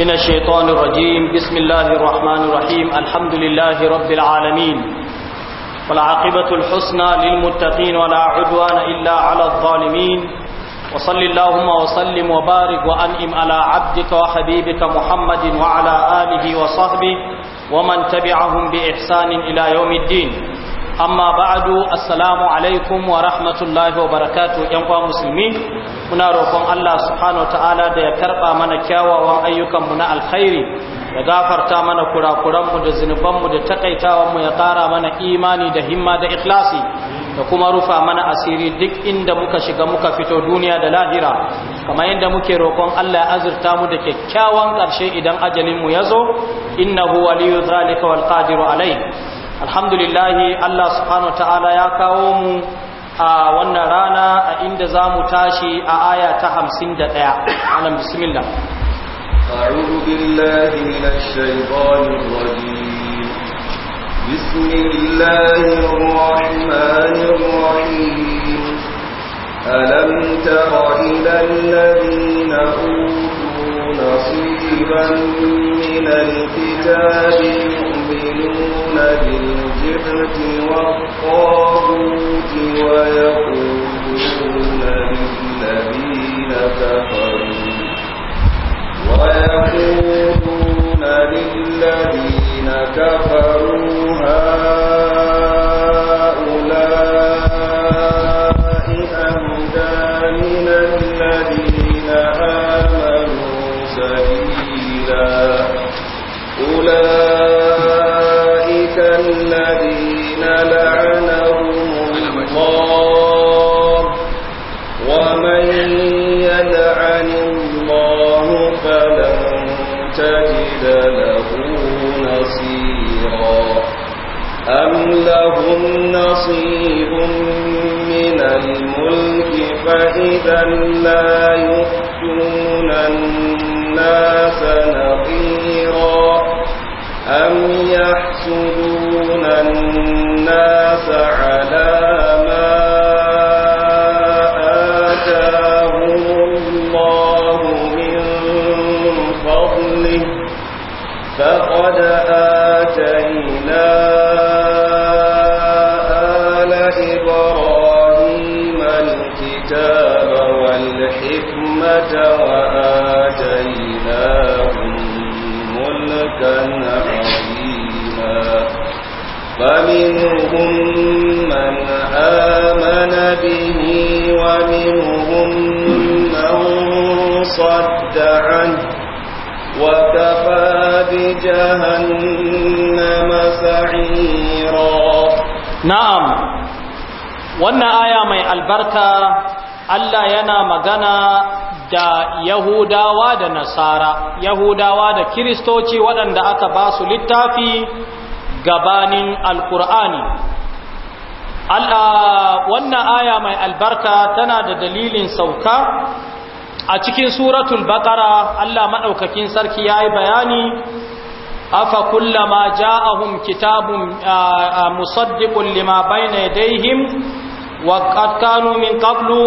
من الشيطان الرجيم بسم الله الرحمن الرحيم الحمد لله رب العالمين والعاقبة الحسنى للمتقين ولا عدوان إلا على الظالمين وصل اللهم وسلم وبارك وأنئم على عبدك وحبيبك محمد وعلى آله وصحبه ومن تبعهم بإحسان إلى يوم الدين amma ba'adu assalamu alaikum wa rahmatullahi wa barakatuh yan kwa musulmi muna roƙon Allah subhanahu ta'ala da ya karɓa mana kyawawan ayyukanmu na alkhairi ya gafarta mana kurakuranmu da zunubanmu da takaitawanmu ya ƙara mana imani da himma da ikhlasi da kuma rufa mana asiri duk inda muka shiga muka fito duniya da lahira kamar yadda muke roƙon Allah ya azurta mu da kyakkyawan ƙarshe idan mu ya zo innahu waliyyu zalika wal qadiru alayh alhamdulillahi Allah subhanahu ta'ala ya kawo mu a wannan rana a inda za mu tashi a aya ta hamsin da ɗaya anan bismillah أعوذ بالله من الشيطان الرجيم بسم الله الرحمن الرحيم ألم تر إلى الذين أوتوا نصيبا من الكتاب يؤمنون بالجبت والطاغوت ويقولون للذين كفروا ويقولون للذين كفروا هؤلاء تجد له نصيرا أم لهم نصيب من الملك فإذا لا يؤتون الناس نقيرا أم يحسدون الناس على ما لقد آتينا آل إبراهيم الكتاب والحكمة وآتيناهم ملكا عظيما فمنهم من آمن به ومنهم من صد عنه وكفى بجهنم سعيرا نعم wannan aya mai albarka Allah yana magana da Yahudawa da Nasara Yahudawa da Kiristoci waɗanda aka ba su littafi gabanin Alƙur'ani Allah wannan aya mai albarka tana da dalilin sauka a cikin suratul baqara Allah madaukakin sarki yayi bayani afa kullama ja'ahum kitabun musaddiqun lima bayna yadayhim wa qad kanu min qablu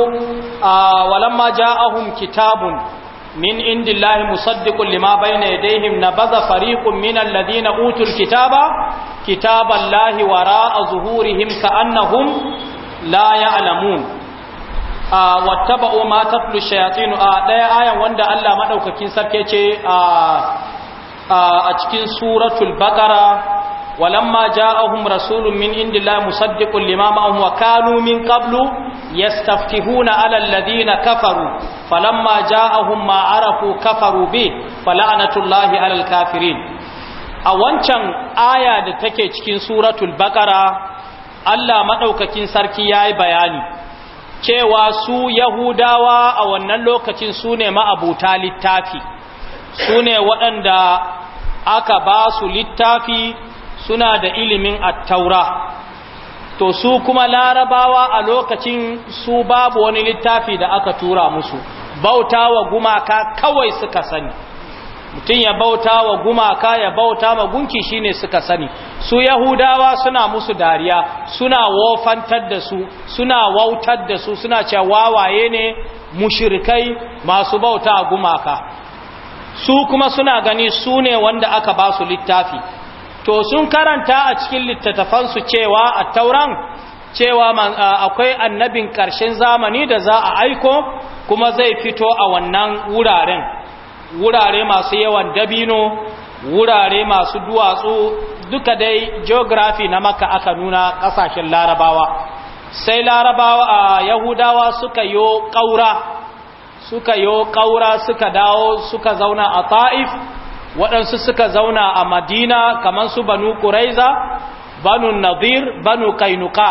walamma ja'ahum kitabun min indillahi musaddiqun lima bayna yadayhim nabadha fariqun minal ladina utul kitaba kitaballahi wara'a zuhurihim ka'annahum la ya'lamun wataba o mata shayatinu a ɗaya ayan wanda Allah maɗaukakin sarki ce a cikin suratul baqara walamma ja'ahum rasulun min indila musaddikun lima ma'ahum wa kanu min qablu yastaftihuna 'ala alladhina kafaru falamma ja'ahum ma arafu kafaru bi fala'natullahi alal alkafirin a wancan aya da take cikin suratul baqara Allah maɗaukakin sarki yayi bayani cewa su yahudawa a wannan lokacin su ne ma'abuta littafi su ne waɗanda aka ba su littafi suna da ilimin attaura to su kuma larabawa a lokacin su babu wani littafi da aka tura musu bauta wa gumaka kawai suka sani mutum ya bauta wa gumaka ya bauta ma gunki shine suka sani su yahudawa suna musu dariya suna wofantar da su suna wautar da su suna cewa wawaye ne mushrikai masu bauta gumaka su kuma suna gani su ne wanda aka ba su littafi to sun karanta a cikin littattafansu cewa a tauran cewa akwai annabin ƙarshen zamani da za a aiko kuma zai fito a wannan wuraren wurare masu yawan dabino wurare masu duwatsu duka dai geography na maka aka nuna kasashen larabawa sai larabawa a yahudawa suka yo ƙaura suka yo ƙaura suka dawo suka zauna a ta'if waɗansu suka zauna a madina kamar su banu ƙuraiza banu nadir banu kainuka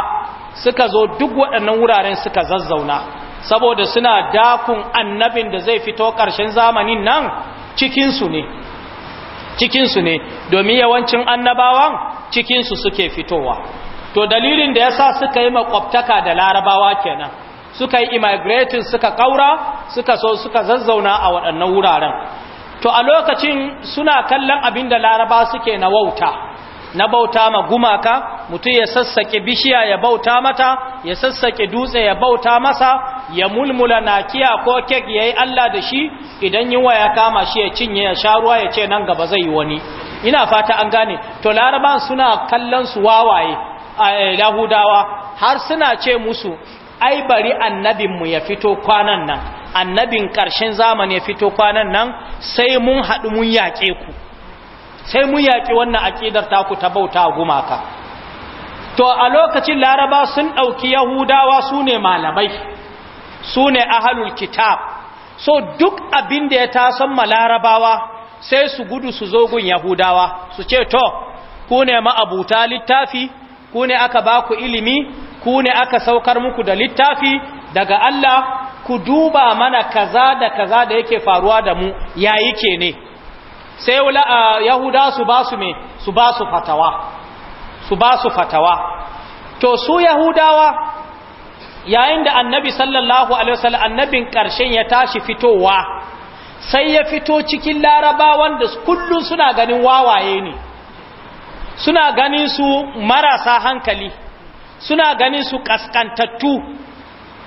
suka zo duk waɗannan wuraren suka zazzauna saboda suna dakun annabin da zai fito ƙarshen zamanin nan cikinsu ne cikinsu ne domin yawancin annabawan cikinsu suke fitowa to dalilin da yasa suka yi makwabtaka da larabawa kenan suka yi immigrating suka ƙaura, suka so suka zazzauna a waɗannan wuraren to a lokacin suna kallon abin da laraba suke na wauta na bauta ma gumaka mutum ya sassake bishiya ya bauta mata ya sassake dutse ya bauta masa ya mulmula nakiya ko kek ya yi Allah da shi idan yiwa ya kama shi ya cinye ya sha ruwa ya ce nan gaba zai yi wani ina fata an gane to laraban suna kallon su wawaye a lahudawa eh, har suna ce musu ai bari annabinmu ya fito kwanan nan annabin karshen zamani ya fito kwanan nan sai mun haɗu mun yaƙe ku sai mun yaƙi wannan aƙidar taku ta bauta gumaka to a lokacin laraba sun ɗauki yahudawa su ne malamai su ne ahalul kitab so duk abin da ya tasan ma larabawa sai su gudu su zo gun yahudawa su ce to ku ne ma'abuta littafi ku ne aka ba ku ilimi ku ne aka saukar muku da littafi daga Allah ku duba mana kaza da kaza da yake faruwa da mu yayi ke ne sai yahudawa su ba su me su ba su fatawa su ba su fatawa to su yahudawa yayin da annabi sallallahu alaihi wasallam annabin ƙarshen ya tashi fitowa sai ya fito cikin laraba wanda kullum suna ganin wawaye ne suna ganin su marasa hankali suna ganin su kaskantattu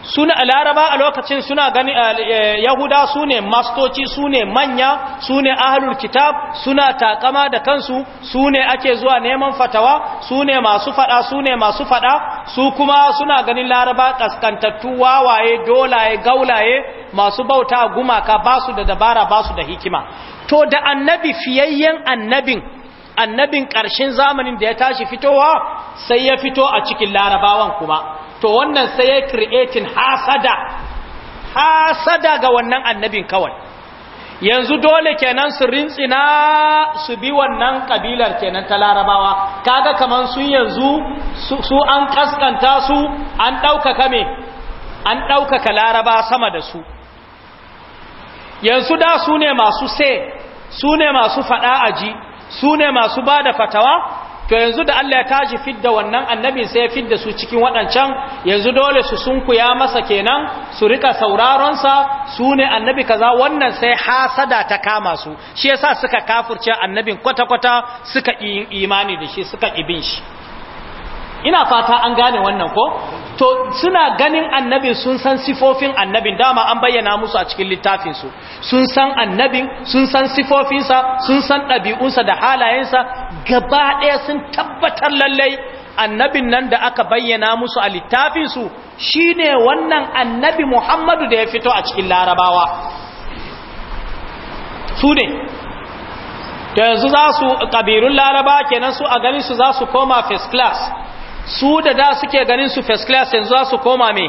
suna a laraba a lokacin suna gani eh, eh, yahuda sune mastoci sune manya sune ahlul kitab suna takama da kansu su ake zuwa neman fatawa sune masu fada su masu fada su kuma suna ganin laraba kaskantattu wawaye dolaye gaulaye masu bauta gumaka basu da dabara basu da hikima to da annabi fiyayyen annabin annabin ƙarshen zamanin da ya tashi fitowa sai ya fito a cikin larabawan kuma to wannan sai ya creating hasada hasada ga wannan annabin kawai yanzu dole kenan su rintsina su bi wannan kabilar kenan ta larabawa kaga kaman su yanzu su an kaskanta su an ɗaukaka me an ɗaukaka laraba sama da su yanzu da su ne masu se su ne masu faɗa aji su ne masu ba da fatawa to yanzu da Allah ya tashi fidda wannan annabin sai ya fidda su cikin waɗancan yanzu dole su sunkuya masa kenan su rika sauraronsa su ne annabi kaza wannan sai hasada ta kama su shi yasa suka kafurce annabin kwata-kwata suka imani da shi suka ibin shi ina fata an gane wannan ko to suna ganin annabi sun san sifofin annabin dama an bayyana musu a cikin littafinsu sun san annabin sun san sifofinsa sun san ɗabi'unsa da halayensa gaba ɗaya sun tabbatar lallai annabin nan da aka bayyana musu a littafinsu shi ne wannan annabi muhammadu da ya fito a cikin larabawa su ne da yanzu za su ƙabirun laraba kenan su a ganin su za su koma first class su da da suke ganin su first class yanzu za su koma me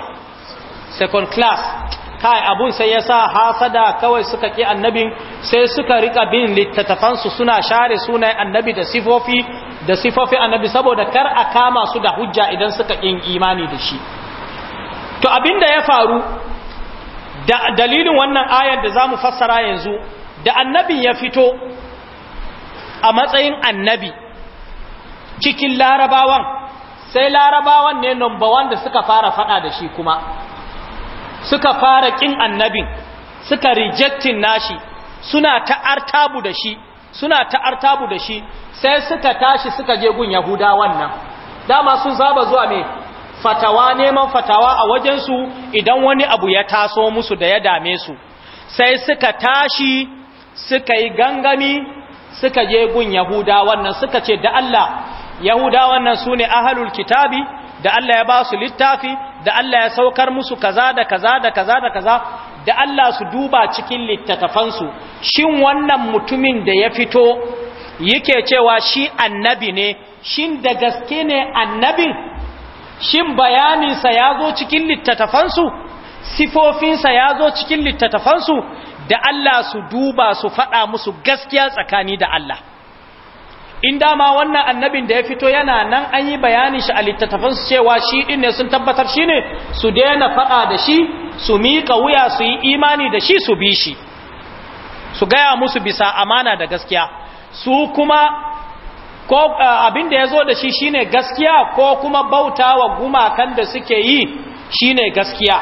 second class kai abun sai ya sa hasada kawai suka ki annabin sai suka rika bin littattafansu suna share sunan annabi da sifofi da sifofi annabi saboda kar a kama su da hujja idan suka kin imani da shi to abin da ya faru da dalilin wannan ayar da zamu fassara yanzu da annabin ya fito a matsayin annabi cikin larabawan sai larabawan ne number one da suka fara fada da shi kuma suka fara kin annabin suka rejectin nashi suna ta'artabu da shi suna ta'artabu da shi sai suka tashi suka je gun yahuda wannan dama sun zaba zuwa me fatawa neman fatawa a wajensu idan wani abu ya taso musu da ya dame su sai suka tashi suka yi gangami suka je gun yahuda wannan suka ce da Allah yahudawan nan su ne ahalul kitabi da Allah ya ba su littafi da Allah ya saukar musu kaza da kaza da kaza da kaza da Allah su duba cikin littattafansu shin wannan mutumin da ya fito yake cewa shi annabi ne shin da gaske ne annabin shin bayaninsa ya zo cikin littattafansu sifofinsa ya zo cikin littattafansu da Allah su duba su faɗa musu gaskiya tsakani da Allah in dama wannan annabin da ya fito yana nan an yi bayanin shi a su cewa shi din ne sun tabbatar shi ne su daina faɗa da shi su miƙa wuya su yi imani da shi su bi shi su gaya musu bisa amana da gaskiya su kuma ko abin da ya zo da shi shine gaskiya ko kuma bauta wa gumakan da suke yi shine gaskiya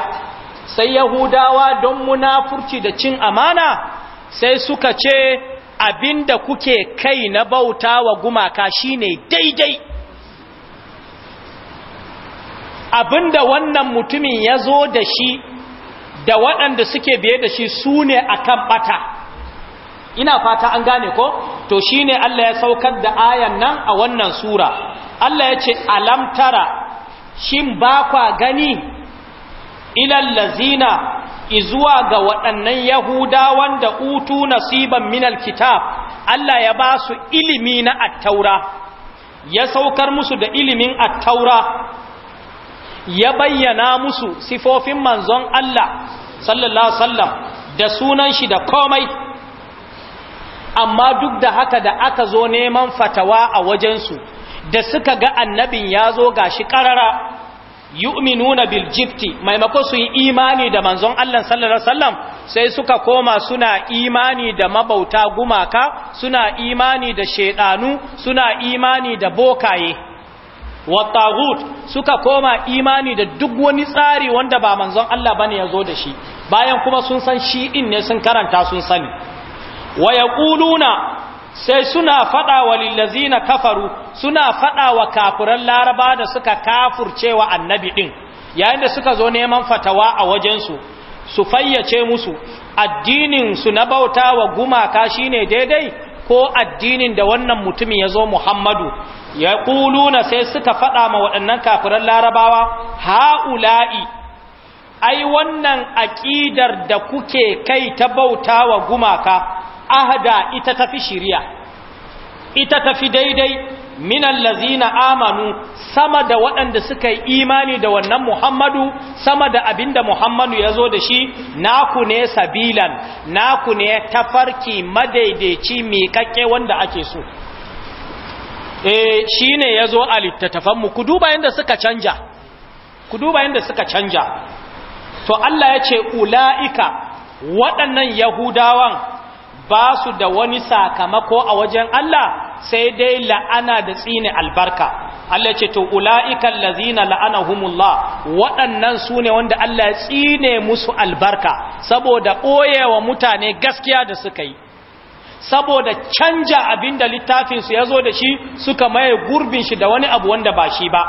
sai yahudawa don munafurci da cin amana sai suka ce abinda kuke kai na bauta wa gumaka shine daidai abinda wannan mutumin ya zo da shi da waɗanda suke biye da shi su ne a kan ɓata ina fata an gane ko to shine Allah ya saukar da ayan nan a wannan sura Allah ya ce alamtara shin ba kwa gani ilallazina lazina izuwa ga waɗannan yahudawan da utu nasiban minal kitab Allah ya ba su ilimi na attaura ya saukar musu da ilimin attaura ya bayyana musu sifofin manzon Allah sallallahu sallam da sunan shi da komai amma duk da haka da aka zo neman fatawa a wajensu da suka ga annabin ya zo ga shi ƙarara yu'minuna bil jibti maimako su yi imani da manzon Allah sallallahu alaihi wasallam sai suka koma suna imani da mabauta gumaka suna imani da shedanu suna imani da bokaye wa tagut suka koma imani da duk wani tsari wanda ba manzon Allah bane yazo da shi bayan kuma sun san shi din ne sun karanta sun sani wa yaquluna sai suna fada wa lillazina kafaru suna fada wa kafiran laraba da suka kafurcewa annabi din yayin da suka zo neman fatawa a wajensu su fayyace musu addinin su na bauta wa gumaka shine daidai ko addinin da wannan mutumin ya zo muhammadu ya ƙuluna sai suka faɗa ma waɗannan kafiran larabawa ha'ula'i ai wannan aƙidar da kuke kai ta bauta wa gumaka ahda ita tafi shiriya ita tafi daidai minan lazina amanu sama da waɗanda suka yi imani da wannan muhammadu sama da abinda muhammadu ya zo da shi naku ne sabilan naku ne tafarki madaidaici miƙaƙe wanda ake so eh shi ne ya zo a littattafanmu ku duba yadda suka canja ku duba yadda suka canja to Allah ya ce ula'ika waɗannan yahudawan ba su da wani sakamako a wajen Allah sai dai la'ana da tsine albarka Allah ce to ula'ikan lazina la'anahumullah waɗannan su ne wanda Allah ya tsine musu albarka saboda ɓoyewa mutane gaskiya da suka yi saboda canja abin da littafinsu ya zo da shi suka maye gurbin shi da wani abu wanda ba shi ba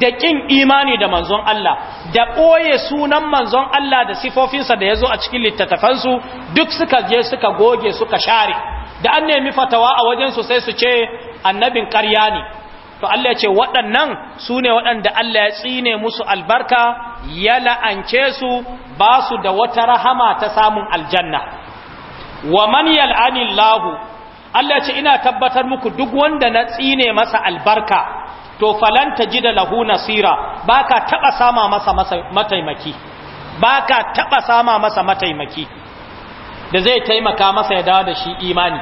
da ƙin imani da manzon Allah da ɓoye sunan manzon Allah da sifofinsa da ya zo a cikin littattafansu duk suka je suka goge suka share da an nemi fatawa a wajensu sai su ce annabin ƙarya ne to Allah ya ce waɗannan su ne waɗanda Allah ya tsine musu albarka ya la'ance su ba su da wata rahama ta samun aljanna wa man yal'anillahu Allah ya ce ina tabbatar muku duk wanda na tsine masa albarka to falanta ji da lahu nasira ba ka taɓa sama masa mataimaki ba ka taɓa sama masa mataimaki da zai taimaka masa ya dawo da shi imani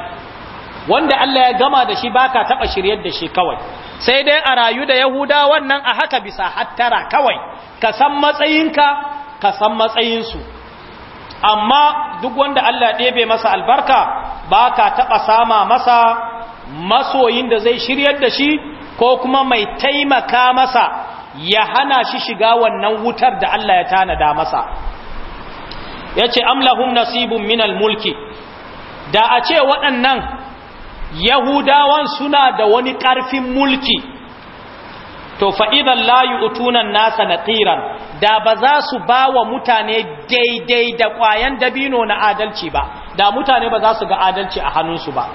wanda Allah ya gama da shi ba ka taɓa shiryar da shi kawai sai dai a rayu da yahuda wannan a haka bisa hattara kawai ka san matsayinka ka san matsayinsu amma duk wanda Allah ɗebe masa albarka ba ka taɓa sama masa masoyin da zai shiryar da shi ko kuma mai taimaka masa ya hana shi shiga wannan wutar da Allah ya tanada masa yace amlahum nasibun minal mulki da a ce waɗannan yahudawan suna da wani ƙarfin mulki to fa'idan layu utunan nasa na da ba za su ba wa mutane daidai da ƙwayan dabino na adalci ba da mutane ba za su ga adalci a hannunsu ba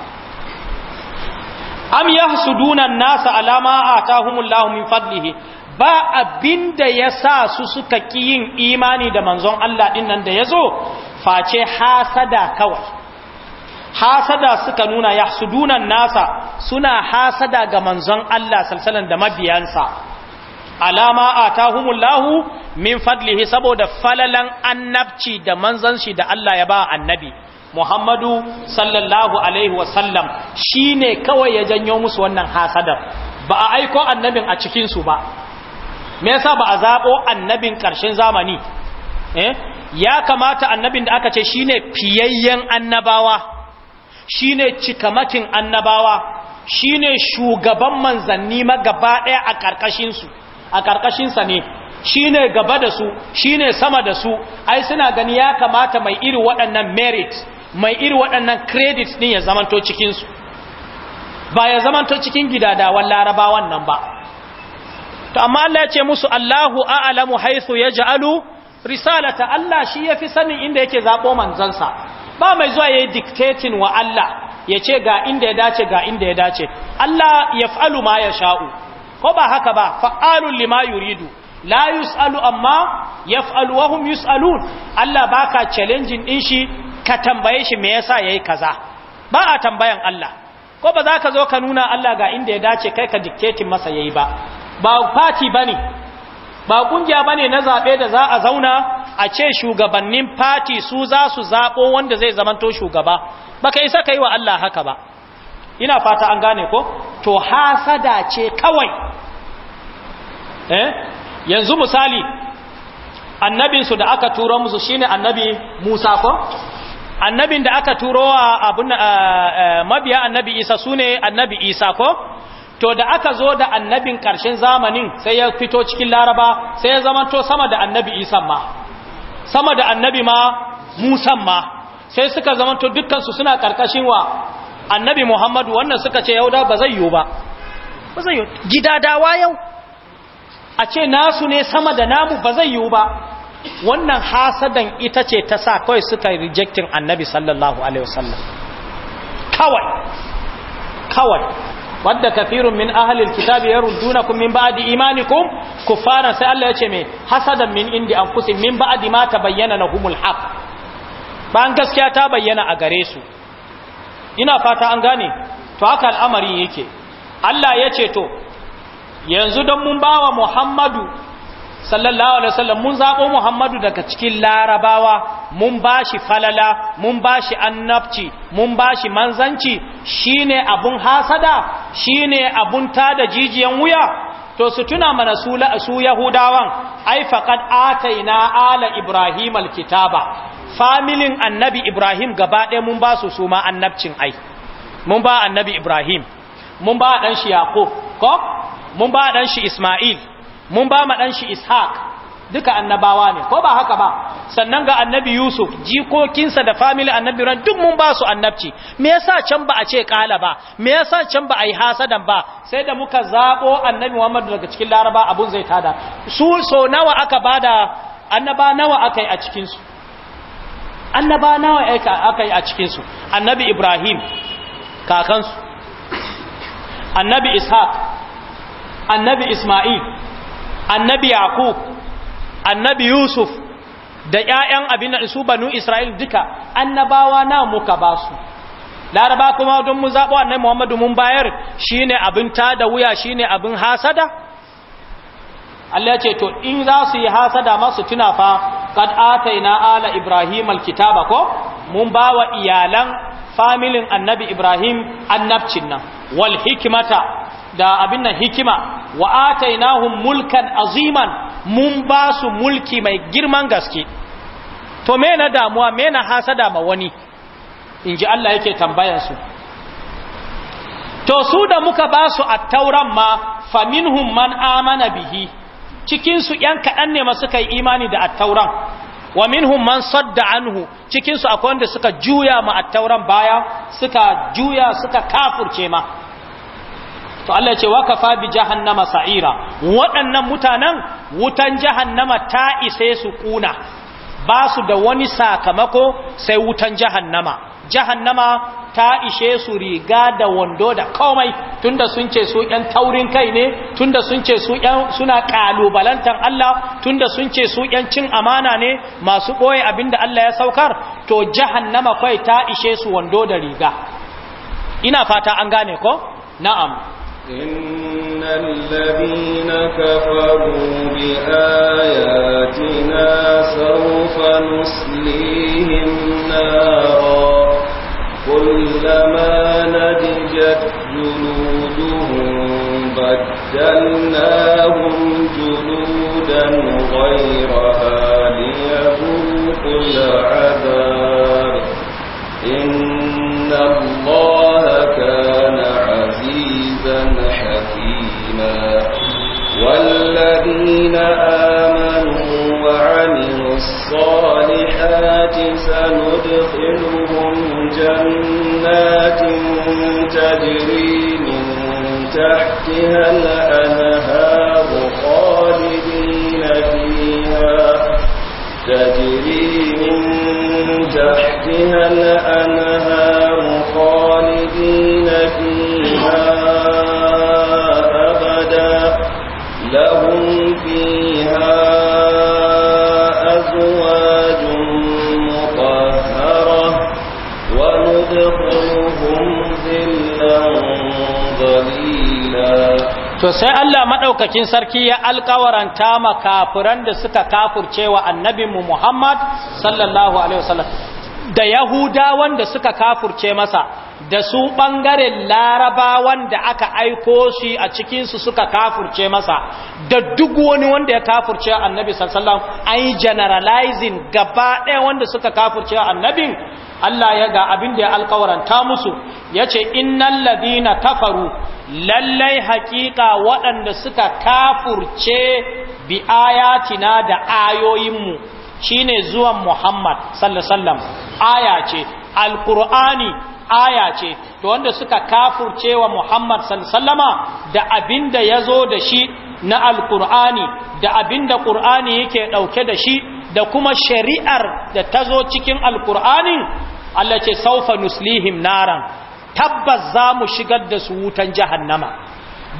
am yahsuduna an-nasa ala ma atahumullahu min fadlihi ba abinda sa su suka ki yin imani da manzon Allah ɗin nan da zo, face hasada kawai hasada suka nuna yahsuduna an-nasa suna hasada ga manzon Allah sallallahu da mabiyansa alama atahumullahu min fadlihi saboda falalan annabci da manzon shi da Allah ya ba annabi Muhammadu sallallahu alaihi wasallam shi ne kawai ya janyo musu wannan hasadar ba a aiko annabin a cikinsu ba me yasa ba a zaɓo annabin ƙarshen zamani eh? ya kamata annabin da aka ce shine fiyayyen annabawa shine ne cikamakin annabawa shine shugaban manzanni magaba ɗaya a ƙarƙashinsu a ƙarƙashinsa ne shine gaba da su shi sama da su ai suna gani ya kamata mai iri waɗannan merit mai iri waɗannan credit ɗin ya zamanto cikinsu ba ya zamanto cikin gidadawan larabawan nan ba to amma Allah ya ce musu Allahu a'lamu haythu yaj'alu risalata Allah shi ya fi sanin inda yake zabo manzansa ba mai zuwa yayi dictating wa Allah Ya ce ga inda ya dace ga inda ya dace Allah ya yaf'alu ma ya sha'u. ko ba haka ba fa'alun lima yuridu la yus'alu amma yaf'alu wa hum yus'alun Allah baka challenging din shi ka tambaye shi me yasa yayi kaza ba a tambayan Allah ko ba za ka zo ka nuna Allah ga inda ya dace kai ka dictating masa yayi ba ba party bane ba kungiya bane na zabe da za a zauna a ce shugabannin party su za su zabo wanda zai zamanto shugaba baka isa kai wa Allah haka ba ina fata an gane ko to hasada ce kawai eh yanzu misali annabinsu da aka turo musu shine annabi Musa ko annabin da aka turo a abun eh, eh, mabiya annabi isa su annabi isa ko to da aka zo da annabin karshen zamanin sai ya fito cikin laraba sai ya zamanto sama da annabi isa ma sama da annabi ma musan ma sai suka zamanto dukkansu suna ƙarƙashin wa annabi muhammadu wannan suka ce yau ba zai yiwu ba gida dawa yau a ce nasu ne sama da namu ba zai yiwu ba wannan hasadan ita ce ta sa kawai suka rejectin annabi sallallahu alaihi wasallam kawai kawai wadda kafirun min ahlil kitabi kun min ba'di imanikum kuffara sai Allah ya ce me hasadan min indi an kusi min ba'di ma humul lahumul haqq ban gaskiya ta bayyana a gare su ina fata an gane to haka al'amari yake Allah ya ce to yanzu don mun bawa Muhammadu sallallahu alaihi wasallam mun zabo Muhammadu daga cikin larabawa mun bashi falala mun bashi annabci mun bashi manzanci shine abun hasada shine abun tada jijiyan wuya to su tuna mana su yahudawan ai faqad ataina ala ibrahim alkitaba familin annabi ibrahim gaba ɗaya mun ba su suma annabcin ai mun ba annabi ibrahim mun ba dan shi yaqub ko mun ba dan shi isma'il mun ba ma dan shi ishaq duka annabawa ne ko ba haka ba sannan ga annabi yusuf jikokinsa da family annabi ran duk mun ba su annabci me yasa can ba a ce kala ba me yasa can ba a yi hasadan ba sai da muka zabo annabi muhammad daga cikin laraba abun zai tada su so nawa aka bada annaba nawa aka yi a cikin su annaba nawa aka yi a cikin annabi ibrahim kakansu annabi ishaq annabi isma'il annabi yaqub annabi yusuf da ƴaƴan abin da su banu isra'il duka annabawa na muka ba su laraba kuma don mu zaɓo annabi muhammadu mun bayar shine abin tada wuya shine abin hasada Allah ya ce to in za su yi hasada masu tuna fa kad ataina ala ibrahim alkitaba ko mun ba wa iyalan familin annabi ibrahim annabcin nan wal hikmata da abin nan hikima wa atainahum mulkan aziman mun ba su mulki mai girman gaske to me na damuwa me na hasada ma wani inji Allah yake tambayan su to su da muka ba su attauran ma faminhum man amana bihi cikin su yan kadan ne ma suka yi imani da attauran wa minhum man sadda anhu cikin su akwai wanda suka juya ma attauran baya suka juya suka kafurce ma to Allah ce wa kafa bi jahannama sa'ira waɗannan mutanen wutan jahannama ta ise su kuna ba su da wani sakamako sai wutan jahannama jahannama ta ishe su riga da wando da komai tunda sun ce su ƴan taurin kai ne tunda sun ce su ƴan suna kalubalantar Allah tunda sun ce su ƴan cin amana ne masu ɓoye abinda Allah ya saukar to jahannama kai ta ishe su wando da riga ina fata an gane ko na'am إن الذين كفروا بآياتنا سوف نصليهم نارا كلما نضجت بدلناهم غيرها العذاب إن الله والذين آمنوا وعملوا الصالحات سندخلهم جنات تجري من تحتها الأنهار خالدين فيها تجري من تحتها الأنهار خالدين فيها لهم فيها أزواج مطهرة وندخلهم ذلا ظليلا to sai Allah maɗaukakin sarki ya alkawaranta ma kafiran da suka kafurcewa annabinmu Muhammad sallallahu alaihi wasallam da Yahudawan da suka kafurce masa da su ɓangaren laraba wanda aka aiko shi a cikinsu suka kafurce masa da duk wani wanda ya kafurce annabi sallallahu an yi generalizing gaba ɗaya wanda suka kafurce annabin Allah ya ga abin da ya alkawaranta musu ya ce innan ladina kafaru lallai haƙiƙa waɗanda suka kafurce bi ayatina da ayoyinmu shine zuwan Muhammad sallallahu aya ce alqur'ani aya ce to wanda suka kafurce wa Muhammad sallama da abinda ya zo da shi na alkur'ani da abinda ƙur'ani yake ɗauke da shi da kuma shari'ar da ta zo cikin alkur'anin Allah ce saufa nuslihim naran tabbas za mu shigar da su wutan jahannama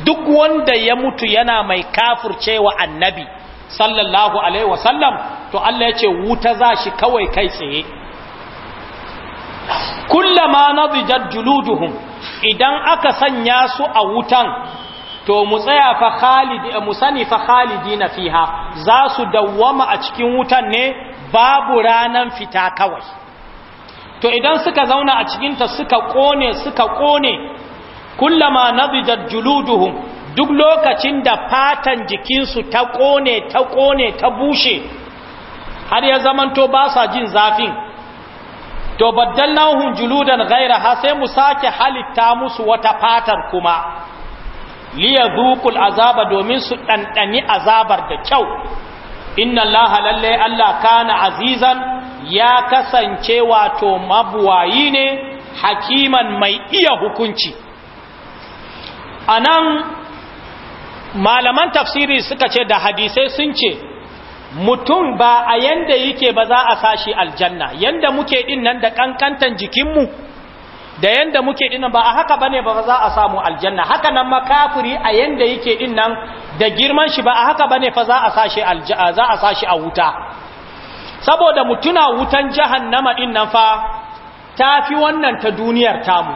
duk wanda ya mutu yana mai kafurcewa annabi sallallahu alaihi wasallam to Allah ya ce wuta za shi kawai kai tsaye kullama nadijat juluduhum idan aka sanya su a wutan to mu tsaya fa khalidi mu sani fa khalidina fiha za su dawwama a cikin wutan ne babu ranan fita kawai to idan suka zauna a cikinta suka kone suka kone kullama nadijat juluduhum duk lokacin da fatan jikinsu ta kone ta kone ta bushe har ya zamanto ba sa jin zafin to baddalnahum juludan ha sai mu sake halitta musu wata fatar kuma liyadhuqul azaba domin su dandani azabar da kyau inna allaha lalle allah kana azizan ya kasance wato mabuwayi ne hakiman mai iya hukunci anan malaman tafsiri suka ce da hadisai sun ce mutum ba a yanda yake ba za a sashi aljanna yanda muke din nan da kankantan jikinmu da yanda muke din ba a haka bane ba za a samu aljanna haka nan makafiri a yanda yake din nan da girman shi ba a haka bane fa za a sashi aljanna za a sashi a wuta saboda mutuna wutan jahannama din nan fa tafi wannan ta duniyar tamu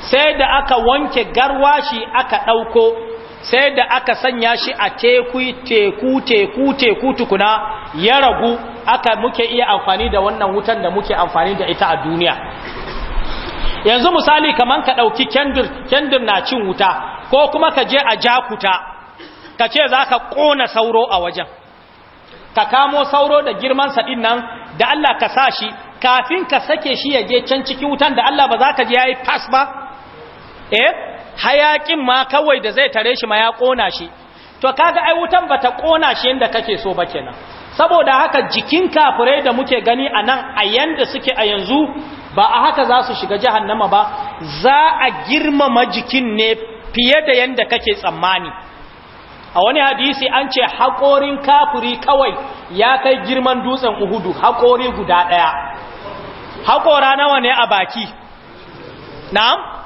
sai da aka wanke garwashi aka ɗauko sai da aka sanya shi a teku teku teku teku tukuna ya ragu aka muke iya amfani da wannan wutan da muke amfani da ita a duniya yanzu misali kaman ka ɗauki kendir kendir na cin wuta ko kuma ka je a jakuta ka ce za ka ƙona sauro a wajen ka kamo sauro da girman din nan da Allah ka sa shi kafin ka sake shi ya je can cikin wutan da Allah ba za ka je yayi yi fas ba eh hayakin ma kawai da zai tare shi ma ya ƙona shi to kaga ai wutan bata ƙona shi yanda kake so ba kenan saboda haka jikin kafirai da muke gani a nan a yanda suke a yanzu ba a haka za su shiga jahannama ba za a girmama jikin ne fiye da yanda kake tsammani a wani hadisi an ce haƙorin kafiri kawai ya kai girman dutsen uhudu haƙori guda ɗaya haƙora nawa ne a baki na'am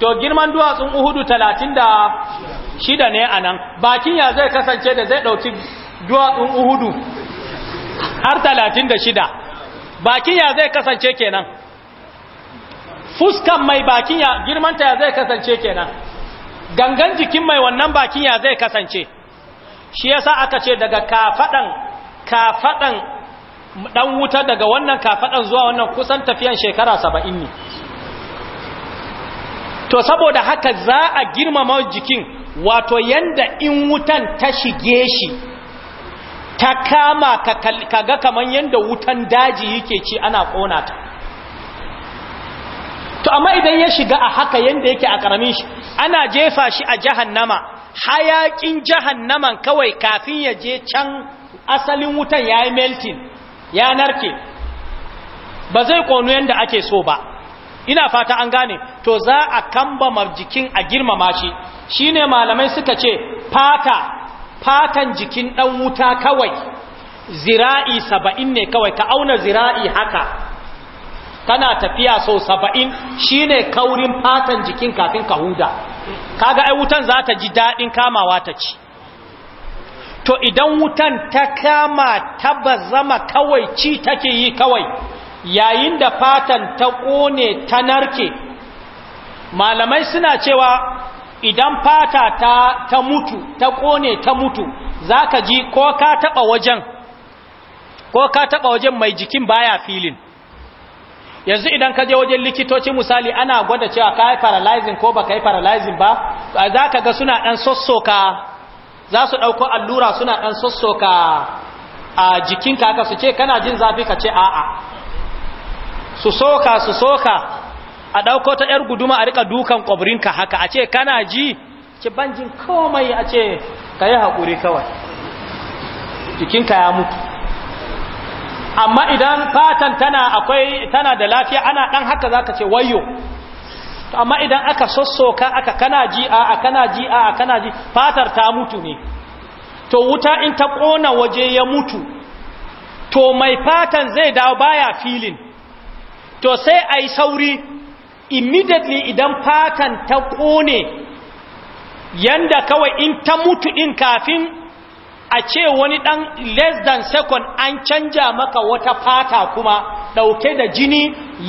to girman duwatsun uhudu talatin da shida ne a nan bakin ya zai kasance da zai ɗauki duwatsun uhudu har talatin da shida bakin ya zai kasance kenan fuskan mai bakin ya girmanta ya zai kasance kenan gangan jikin mai wannan bakin ya zai kasance shi yasa aka ce daga kafaɗan kafaɗan ɗan wuta daga wannan kafaɗan zuwa wannan kusan tafiyan shekara saba'in ne to saboda haka za a girmama jikin wato yanda in wutan ta shige shi ta kama kaga kaman yanda wutan daji yake ci ana kona ta to amma idan ya shiga a haka yanda yake a karamin shi ana jefa shi a jahannama hayakin jahannaman kawai kafin ya je can asalin wutan ya yi melting ya narke ba zai konu yanda ake so ba ina fata an gane to za a kambama jikin a girmama shi shine malamai suka ce fata fatan jikin dan wuta kawai zira'i saba'in ne kawai ka auna zira'i haka kana tafiya sau saba'in shine kaurin fatan jikin kafin ka huda kaga ai wutan za ta ji daɗin kamawa ta ci to idan wutan ta kama ta bazama kawai ci take yi kawai yayin da fatan ta ƙone ta narke malamai suna cewa idan fata ta, ta mutu ta ƙone ta mutu za ka ji ko ka taɓa wajen ko ka taɓa wajen mai jikin baya filin yanzu idan ka je wajen likitoci misali ana gwada cewa ka yi paralyzing ko ba ka yi paralyzing ba za ka ga suna ɗan sossoka za su ɗauko allura suna ɗan sossoka a jikinka kaka su ce kana jin zafi ka ce a'a su soka su soka a ɗauko ta ‘yar guduma a rika dukan ƙwabrinka haka a ce kana ji ce banjin komai a ce ka yi haƙuri kawai jikinka ya mutu amma idan fatan tana akwai tana da lafiya ana ɗan haka za ka ce wayo amma idan aka sossoka aka kana ji a kana ji a kana ji fatar ta mutu ne to wuta in ta ƙona waje ya mutu to mai fatan zai dawo baya filin to sai a yi sauri immediately idan fatan ta ƙone yanda kawai in ta mutu ɗin kafin a ce wani ɗan less than second an canja maka wata fata kuma ɗauke da jini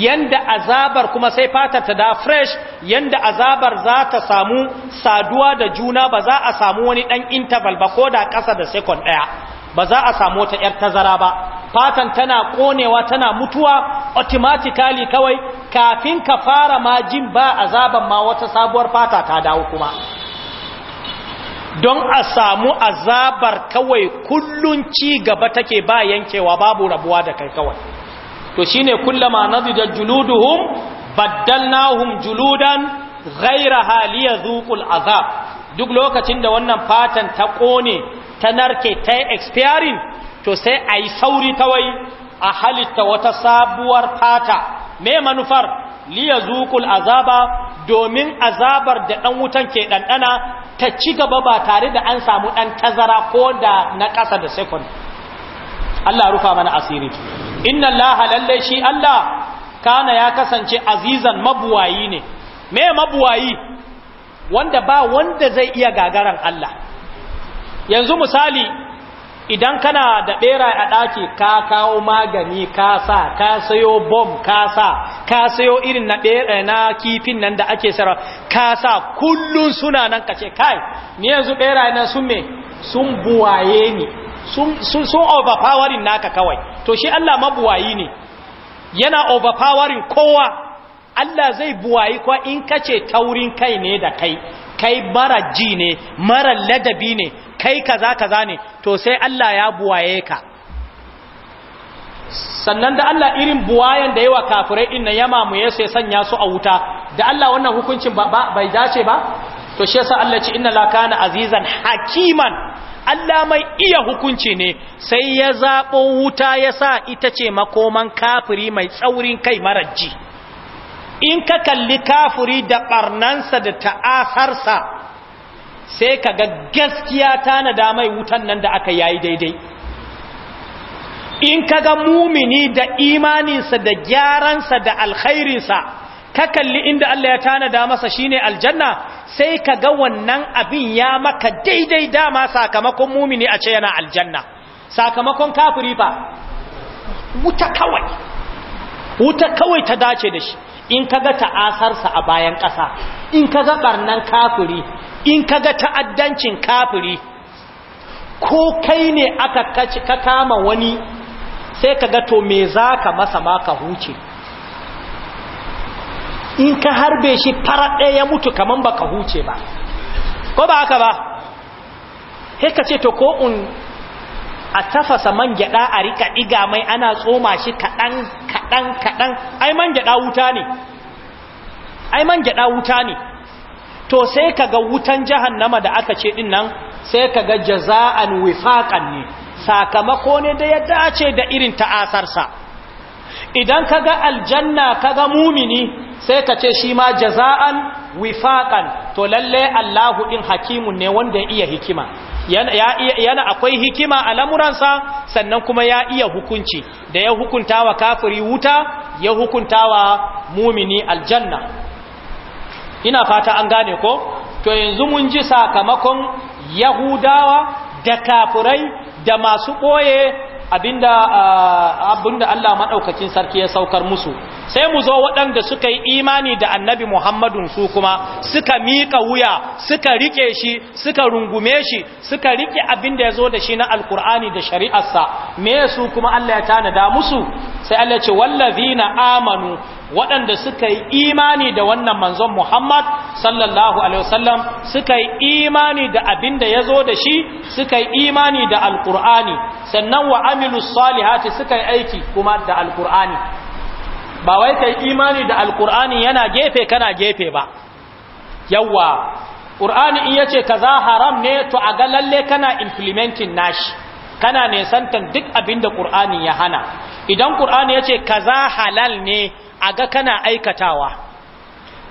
yanda azabar kuma sai fatar ta da fresh yanda azabar za ta samu saduwa da juna ba za a samu wani ɗan interval ba ko da ƙasa da second ɗaya ba za a samu wata ‘yar tazara ba fatan tana ƙonewa tana mutuwa automatically kawai kafin ka fara majin ba azaban ma wata sabuwar fata ta dawo kuma don a samu azabar kawai kullun ci gaba take ba yankewa babu rabuwa da kai kawai to shine kullama nazija juluduhum baddalnahum juludan ghaira haliya zuqul azab duk lokacin da wannan fatan ta kone ta narke ta expiring to sai ai sauri kawai a halitta wata sabuwar fata mai manufar liya zuƙul azaba domin azabar da ɗan wutan ke ɗanɗana ta ci gaba ba tare da an samu ɗan tazara ko da na ƙasa da sekon Allah rufa mana asiri inna Allah lallai shi Allah kana ya kasance azizan mabuwayi ne Mai mabuwayi wanda ba wanda zai iya gagaran Allah yanzu misali idan kana da bera a ɗaki ka kawo magani ka sa ka sayo bom ka sa ka sayo irin na eh, na kifin nan da ake sara ka sa kullun suna nan ka ce kai ni yanzu bera na sun me sun buwaye ni sun sun overpowering naka kawai to shi Allah mabuwayi ne yana overpowering kowa Allah zai buwayi kwa in kace taurin kai ne da kai kai mara ji ne mara ladabi ne kai kaza kaza ne to sai Allah ya buwaye ka sannan da Allah irin buwayen da yawa kafirai inna nan yama mu yaso ya sanya su a wuta da Allah wannan hukuncin bai dace ba to shi yasa Allah ce inna lakana azizan hakiman Allah mai iya hukunci ne sai ya zaɓo wuta yasa ita ce makoman kafiri mai tsaurin kai mara ji in ka kalli kafuri da ɓarnansa da ta'asarsa sai ka ga gaskiya tanada mai wutan nan da aka yayi daidai in ka ga mumini da imaninsa da gyaransa da alkhairinsa ka kalli inda Allah ya tanada masa shine aljanna sai ka ga wannan abin ya maka daidai dama sakamakon mumini a ce yana aljanna sakamakon kafiri fa wuta kawai wuta kawai ta dace da shi in ka kaga ta'asarsa a bayan ƙasa in ka ga ɓarnan kafiri in ka ga ta'addancin kafiri ko kai ne aka kaci ka kama wani sai ka ga to me za ka masa ma ka huce in ka harbe shi faraɗe ya mutu kaman baka huce ba ko ba haka ba sai ka ce to ko in. a tafasa man gyada a rika diga mai ana tsoma shi kadan kadan kadan ai man gyada wuta ne ai man gyada wuta ne to sai kaga wutan jahannama da aka ce din nan sai kaga jaza'an wifaqan ne sakamako ne da ya dace da irin ta'asarsa idan kaga aljanna kaga mumini sai ka ce shi ma jaza'an wifaqan to lalle Allahu din hakimun ne wanda ya iya hikima yana akwai hikima a lamuransa sannan kuma ya iya hukunci da ya hukunta wa kafiri wuta ya hukunta wa mumini aljanna ina fata an gane ko to yanzu mun ji sakamakon yahudawa da kafirai da masu ɓoye abinda ah, abinda Allah madaukakin sarki ya saukar musu sai mu zo waɗanda suka yi imani da annabi Muhammadun su kuma suka miƙa wuya suka rike shi suka rungume shi suka rike abinda ya zo da shi na alkur'ani da shari'arsa me su kuma Allah ya tanada musu sai Allah ya ce wallazina amanu waɗanda suka yi imani da wannan manzon Muhammad sallallahu alaihi wasallam suka yi imani da abin da ya zo da shi suka yi imani da alkur'ani sannan wa amilus salihati suka yi aiki kuma da alkur'ani ba wai yi imani da alkur'ani yana gefe kana gefe ba yawa ƙur'ani in yace kaza haram ne to a ga lalle kana implementing nashi kana nesantan duk abin da ƙur'ani ya hana idan ƙur'ani ya ce kaza halal ne a ga kana aikatawa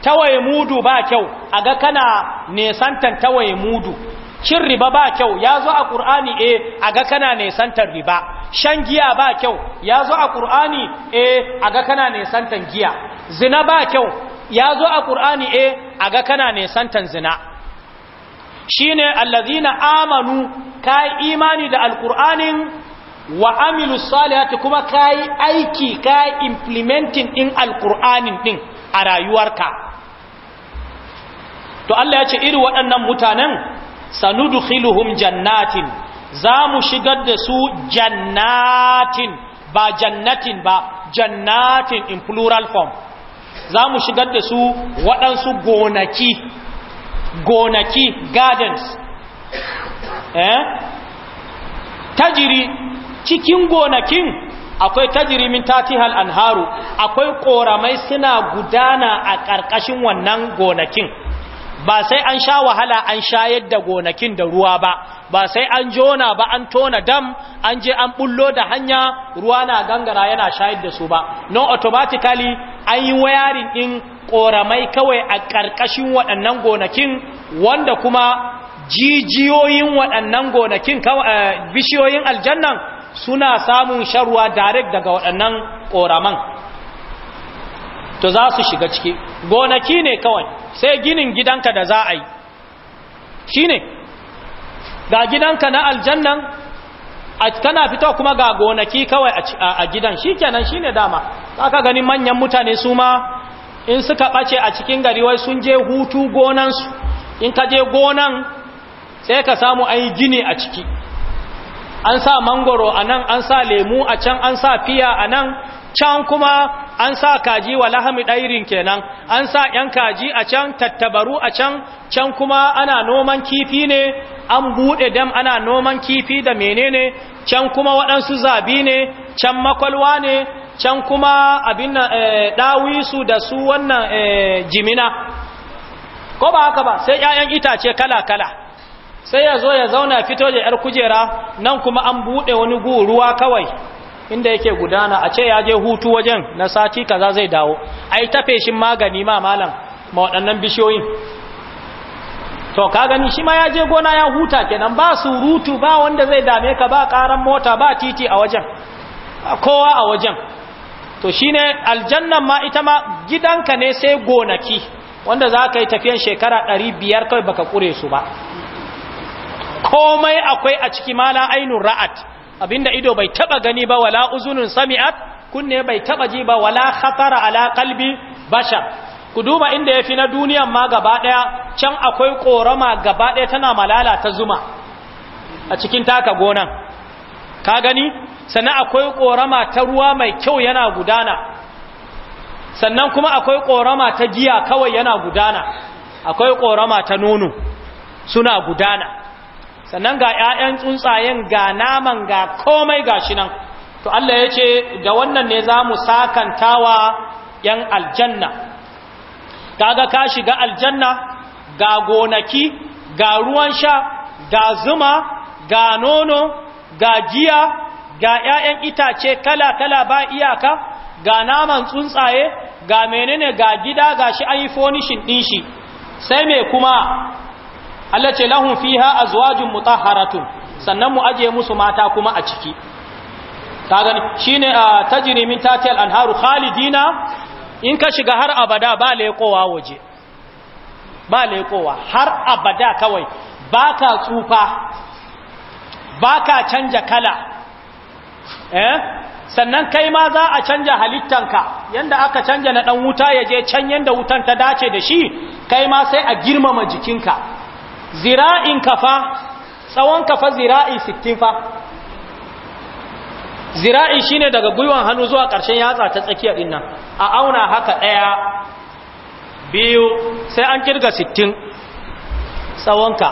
tawaye mudu ba kyau a ga kana nesantan tawaye mudu cin riba ba kyau ya zo a ƙur'ani e eh, a ga kana nesantar riba shan giya ba kyau ya zo a ƙur'ani e eh, a ga kana santan giya zina ba kyau ya zo a ƙur'ani e eh, a ga kana santan zina shi ne allazina amanu ka imani da alƙur'anin wa amilu salihati kuma kayi aiki kayi implementing din alkur'anin din a rayuwarka to Allah ya ce iri waɗannan mutanen sanudkhiluhum jannatin za mu shigar da su jannatin ba jannatin ba jannatin in plural form za mu shigar da su waɗansu gonaki gonaki gardens eh tajiri cikin gonakin akwai tajirimin tatihal anharu akwai koramai suna gudana a ƙarƙashin wannan gonakin ba sai an sha wahala an shayar da gonakin da ruwa ba ba sai an jona ba an tona dam an je an bullo da hanya ruwa na gangara yana shayar da su ba no automatically an yi wayarin din koramai kawai a ƙarƙashin waɗannan gonakin wanda kuma jijiyoyin waɗannan gonakin eh, bishiyoyin aljannan suna samun sharuwa direct daga waɗannan ƙoraman to za su shiga ciki gonaki ne kawai sai ginin gidanka da za a yi shi ne ga gidanka na aljannan kana fito kuma ga gonaki kawai a gidan shi kenan shi ne dama za ka gani manyan mutane su ma in suka ɓace a cikin gari wai sun je hutu gonansu in ka je gonan sai ka samu an yi gini a ciki an sa mangoro a nan an sa lemu a can an sa fiya a nan can kuma an sa kaji wa lahami ɗairin kenan an sa ‘yan kaji a can tattabaru a can can kuma ana noman kifi ne an buɗe dam ana noman kifi da menene can kuma waɗansu zabi ne can makwalwa ne can kuma abin eh, ɗawisu da su wannan eh, jimina ko ba haka ba sai ‘ya'yan itace kala-kala sai ya zo ya zauna fito da yar kujera nan kuma an buɗe wani gu ruwa kawai inda yake gudana a ce ya je hutu wajen na sati kaza zai dawo ai ta feshin magani ma malam ma waɗannan bishiyoyin to ka gani shi ma ya je gona ya huta kenan ba surutu ba wanda zai dame ka ba karan mota ba titi a wajen kowa a wajen to shine aljannan ma ita ma gidanka ne sai gonaki wanda za ka yi tafiyan shekara 500 kawai baka kure su ba komai akwai a ciki mala ainun ra'at abinda ido bai taba gani ba wala uzunun sami'at kunne bai taba ji ba wala khatara ala qalbi bashar ku duba inda yafi na duniyan ma gaba daya can akwai korama gaba daya tana malala ta zuma a cikin taka gonan ka gani sannan akwai korama ta ruwa mai kyau yana gudana sannan kuma akwai korama ta giya kawai yana gudana akwai korama ta nono suna gudana sannan ga 'ya'yan tsuntsayen ga naman ga komai ga shi nan to Allah ya ce da wannan ne za mu sakantawa 'yan aljanna kaga ka shiga aljanna ga gonaki ga ruwan sha ga zuma ga nono ga giya ga 'ya'yan itace kala-kala ba iyaka ga naman tsuntsaye ga menene ga gida ga shi an yi fonishin ɗin shi sai mai kuma Allah ce lahum fiha azwajun mutahharatun sannan mu aje musu mata kuma a ciki kaga shine tajri min tatil anharu khalidina in ka shiga har abada ba leƙowa waje ba leƙowa har abada kawai baka tsufa baka canja kala eh sannan kai ma za a canja halittanka yanda aka canja na dan wuta yaje can yanda wutan ta dace da shi kai ma sai a girmama jikinka zira'in kafa tsawon kafa zira'i 60 fa zira'i shine daga gwiwan hannu zuwa ƙarshen yatsa ta tsakiya din nan a auna haka ɗaya biyu sai an kirga 60 tsawonka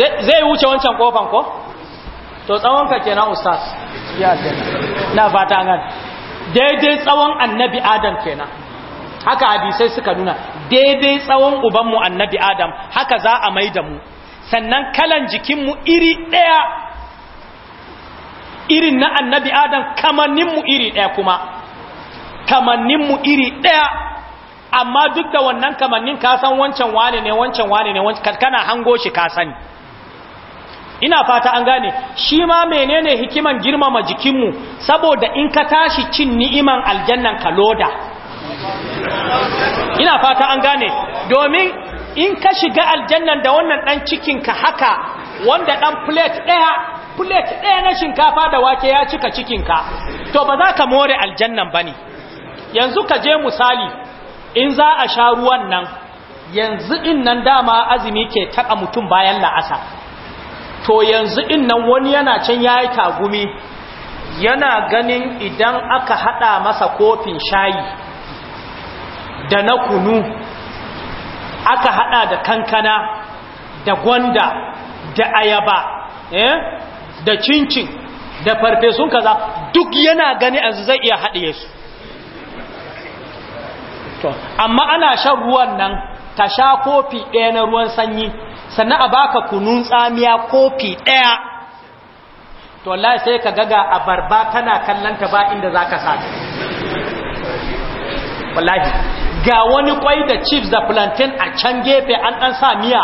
zai wuce wancan kofan ko to tsawonka kenan ustaz ya kenan na fata gan daidai tsawon annabi adam kenan haka hadisai suka nuna daidai tsawon ubanmu annabi adam haka za a mai da mu sannan kalan jikinmu iri ɗaya irin na annabi adam kamanninmu iri ɗaya kuma kamanninmu iri ɗaya amma duk da wannan kamannin kasan wancan wane ne wancan wane ne kana hango shi kasani ina fata an gane shi ma menene hikiman girmama jikinmu saboda in ka tashi cin ni'iman aljannan ka loda ina fata an gane domin in ka shiga aljannan da wannan dan cikinka haka wanda dan plate daya plate daya na shinkafa da wake ya cika cikinka to ba za ka more aljannan bane yanzu ka je misali in za a sha ruwan nan yanzu in nan dama azumi ke taɓa mutum bayan la'asa to yanzu in nan wani yana can yayi tagumi yana ganin idan aka hada masa kofin shayi da na kunu aka hada da kankana da gwanda da ayaba eh, da cincin da farfesun kaza duk yana gani a zai iya haɗiye su amma ana shan ruwan nan ta sha kofi ɗaya na ruwan sanyi sannan a baka kunun tsamiya kofi ɗaya to Allah sai ka gaga a barba kana kallanta ba inda zaka ka sa wallahi ga wani kwai da chips da plantain a can gefe an dan sa miya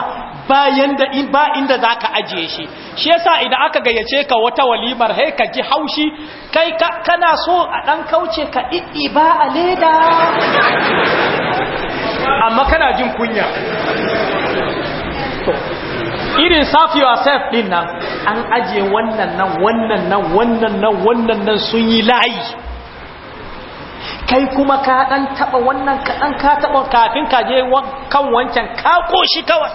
bayan da in ba inda zaka ajiye shi shi yasa idan aka gayyace ka wata walimar he ka ji haushi kai ka, kana so a dan kauce ka iddi ba a leda amma kana jin kunya irin safi yourself din nan an ajiye wannan nan wannan nan wannan nan wannan nan sun yi layi kai kuma ka dan taba wannan ka dan ka taba kafin ka je kan wancan ka koshi kawai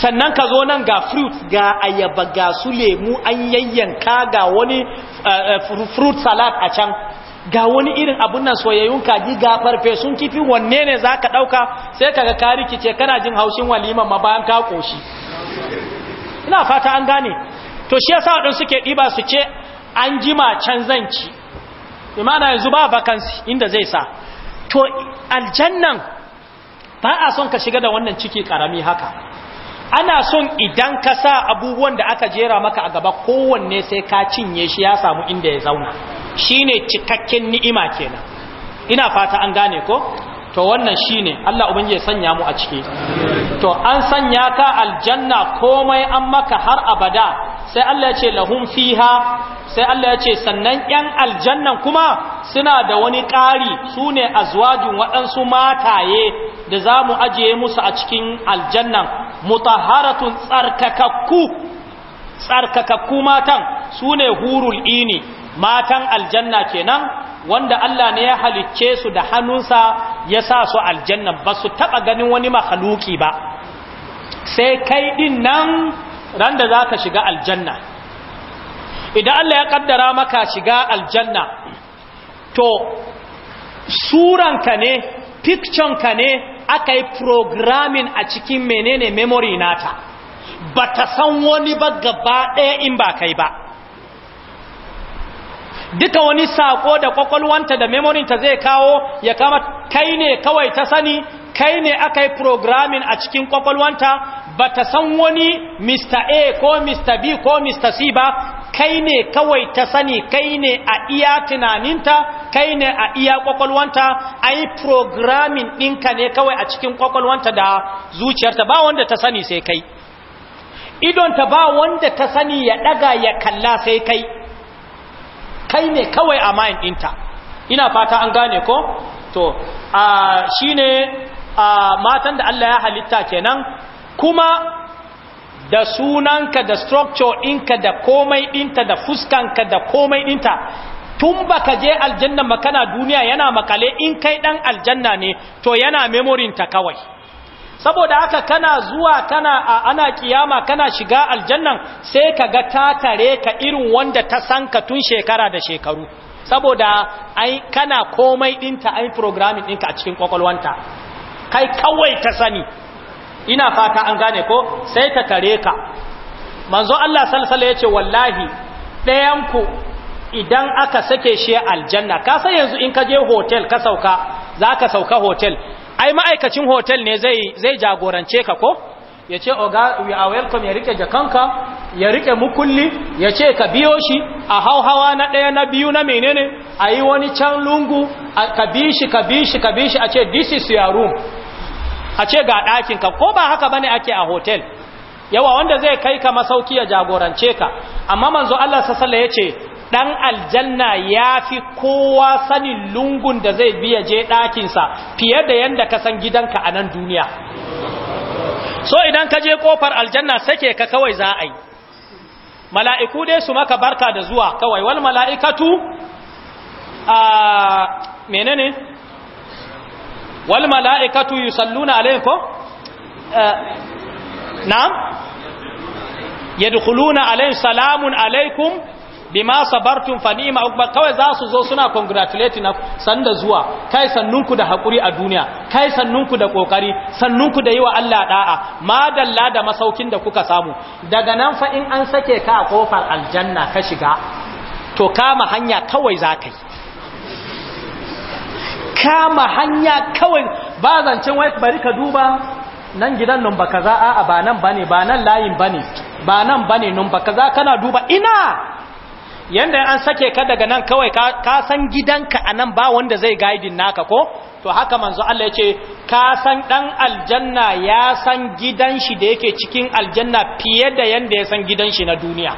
sannan ka zo nan ga fruit ga ayaba ga su lemu an yayyanka ga wani eh, eh, fruit salad a can ga wani irin abun nan soyayyun kaji ga farfesun kifi wanne ne za ka ɗauka sai kaga ka ce kana jin haushin walima ma bayan ka ƙoshi ina fata an gane to shi yasa waɗansu suke ɗiba su ce an jima can zan ci imana yanzu ba vacancy inda zai sa to aljannan ba a son ka shiga da wannan ciki karami haka ana son idan ka sa abubuwan da aka jera maka a gaba kowanne sai ka cinye shi ya samu inda ya zauna shine cikakken ni'ima kenan ina fata an gane ko to wannan shine Allah ubangiji ya sanya mu a ciki to an sanya ka aljanna komai an maka har abada sai Allah ya ce lahum fiha sai Allah ya ce sannan yan aljannan kuma suna da wani ƙari su ne azwajin waɗansu mataye da za mu ajiye musu a cikin aljannan mutaharatun tsarkakakku tsarkakakku matan su ne hurul ini matan aljanna kenan wanda Allah ne ya halicce su da hannunsa ya sa su aljanna ba su taɓa ganin wani mahaluki ba sai kai ɗin nan Randa za ka shiga aljanna idan Allah ya kaddara maka shiga aljanna to suranka ne ka ne aka yi programming a cikin menene memory nata ba ta san wani ba gaba ɗaya in ba kai ba duka wani sako da kwakwalwanta da ta zai kawo ya kama kai ne kawai ta sani kai ne aka yi programming a cikin kwakwalwanta ba ta san wani mr a ko mr b ko mr c ba kai ne kawai ta sani kai ne a iya tunaninta kai ne a iya kwakwalwanta a yi programming ɗinka ne kawai a cikin kwakwalwanta da zuciyarta ba wanda ta sani sai kai idonta ba wanda ta sani ya ɗaga ya kalla sai kai kai ne kawai a mayan ɗinta ina fata an gane ko to a shine A matan da Allah ya halitta kenan kuma da sunanka da structure ɗinka da komai ɗinta da fuskanka da komai ɗinta tun ba ka je aljanna makana duniya yana makale in kai ɗan aljanna ne to yana ta kawai saboda haka kana zuwa kana a ana kiyama kana shiga aljannan sai ka ga ta tare ka irin wanda ta san ka tun shekara da shekaru saboda ai kana komai ɗinta ai programming ɗinka a cikin kwakwalwanta kai kawai ta sani ina fata an gane ko sai ka tare ka manzo Allah salsala ya ce wallahi ɗayan ku idan aka sake shi aljanna ka sai yanzu in ka je hotel ka sauka za ka sauka hotel ai ma'aikacin hotel ne zai zai jagorance ka ko ya oga we are welcome ya rike jakanka ya rike mukulli ya ce ka biyo shi a hauhawa na ɗaya na biyu na menene ayi wani can lungu ka bishi ka bishi ka bishi shi a ce this is your room a ce ga ɗakinka ko ba haka ba ne ake a hotel yawa wanda zai kai ka masauki ya jagorance ka amma manzo Allah sassala ya ce ɗan aljanna ya fi kowa sanin lungun da zai biya je ɗakinsa fiye da yadda ka san gidanka a nan duniya so idan ka je ƙofar aljanna sake ka kawai za a yi mala'iku dai su maka barka da zuwa kawai wal mala'ikatu a menene wal mala'ikatu yusalluna alayhi ko eh, na'am yadkhuluna alayhi salamun alaykum bima sabartum fa ni'ma kawai za su zo suna congratulating na sanda zuwa kai sannunku da hakuri a duniya kai sannunku da kokari sannunku da yiwa Allah ɗa'a. madalla da masaukin da kuka samu daga nan fa in an sake ka a ƙofar aljanna ka shiga to kama hanya kawai zakai kama hanya kawai ba zancen wai bari ka duba nan gidan nan baka za a ba nan bane ba nan layin bane ba nan bane nan baka za kana duba ina yanda an sake ka daga nan kawai ka san gidanka a nan ba wanda zai gaidin naka ko to haka manzo Allah ya ce ka san dan aljanna ya san gidan shi da yake cikin aljanna fiye da yanda ya san gidan shi na duniya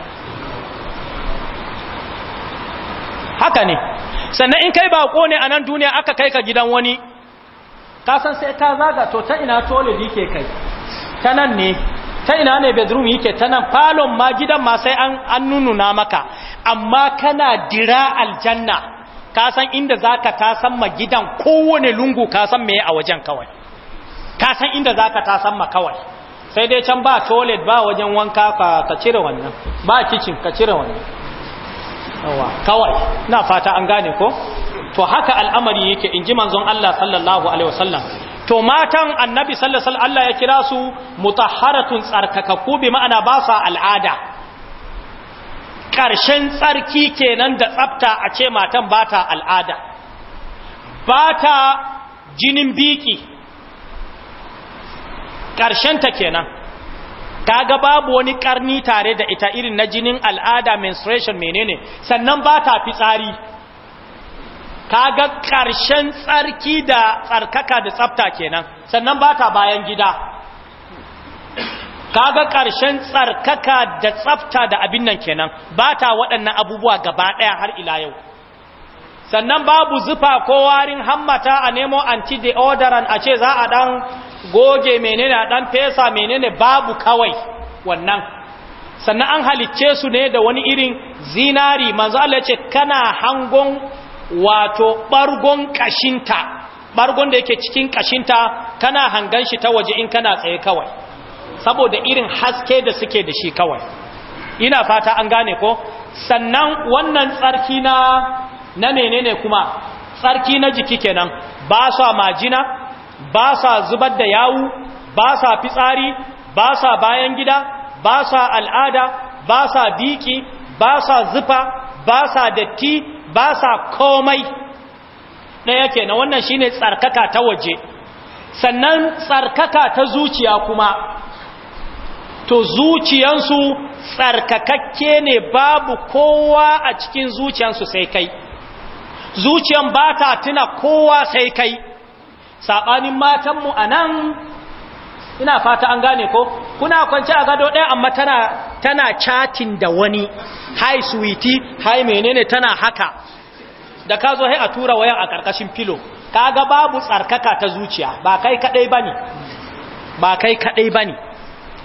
haka ne sannan in kai bako ne a nan duniya aka kai ka gidan wani kasan sai ka zaga to ta ina tole yake kai ta nan ne ta ina ne bedroom yake ta nan falon ma gidan ma sai an nununa maka amma kana dira aljanna kasan inda zaka tasan ma gidan kowane lungu kasan me a wajen kawai kasan inda zaka tasan ma kawai sai dai can ba toilet ba wajen wanka ka cire wannan ba kitchen ka cire wannan kawai na fata an gane ko to haka al'amari yake in ji manzon Allah sallallahu alaihi wasallam to matan annabi sallallahu alaihi Allah ya kira su mutahharatun tsarkakakku bi ma'ana ba sa al'ada karshen tsarki kenan da tsafta a ce matan ba ta al'ada ba ta jinin biki ta kenan kaga babu wani karni tare da ita irin na jinin al'ada menstruation menene sannan ba ta fitsari kaga ƙarshen tsarki da tsarkaka da tsafta kenan sannan ba ta bayan gida kaga karshen tsarkaka da tsafta da abin nan kenan ba ta waɗannan abubuwa gaba ɗaya har ila yau sannan babu zufa ko warin hammata a nemo anti-deodorant a ce za a ɗan goge menene a ɗan fesa menene babu kawai wannan sannan an halicce su ne da wani irin zinari manzo Allah ce kana hangon wato bargon ƙashinta. bargon da yake cikin kashinta kana hangan shi ta waje in kana tsaye kawai saboda irin haske da suke da shi kawai ina fata an gane ko sannan wannan tsarki na menene kuma tsarki na jiki kenan ba sa majina ba sa zubar da yawu ba sa fitsari ba sa bayan gida ba sa al'ada ba sa biki ba sa zufa ba sa datti ba sa komai ɗaya ke na wannan shine tsarkaka ta waje sannan tsarkaka ta zuciya kuma to zuciyansu tsarkakakke ne babu kowa a cikin zuciyansu sai kai zuciyan ba ta tuna kowa sai kai saɓanin matanmu a nan ina fata an gane ko kuna kwanci a gado ɗaya amma tana tana chatin da wani hi sweetie hi menene tana haka da ka zo a tura wayan a ƙarƙashin filo kaga babu tsarkaka ta zuciya ba kai kaɗai ba ne ba kai kaɗai ba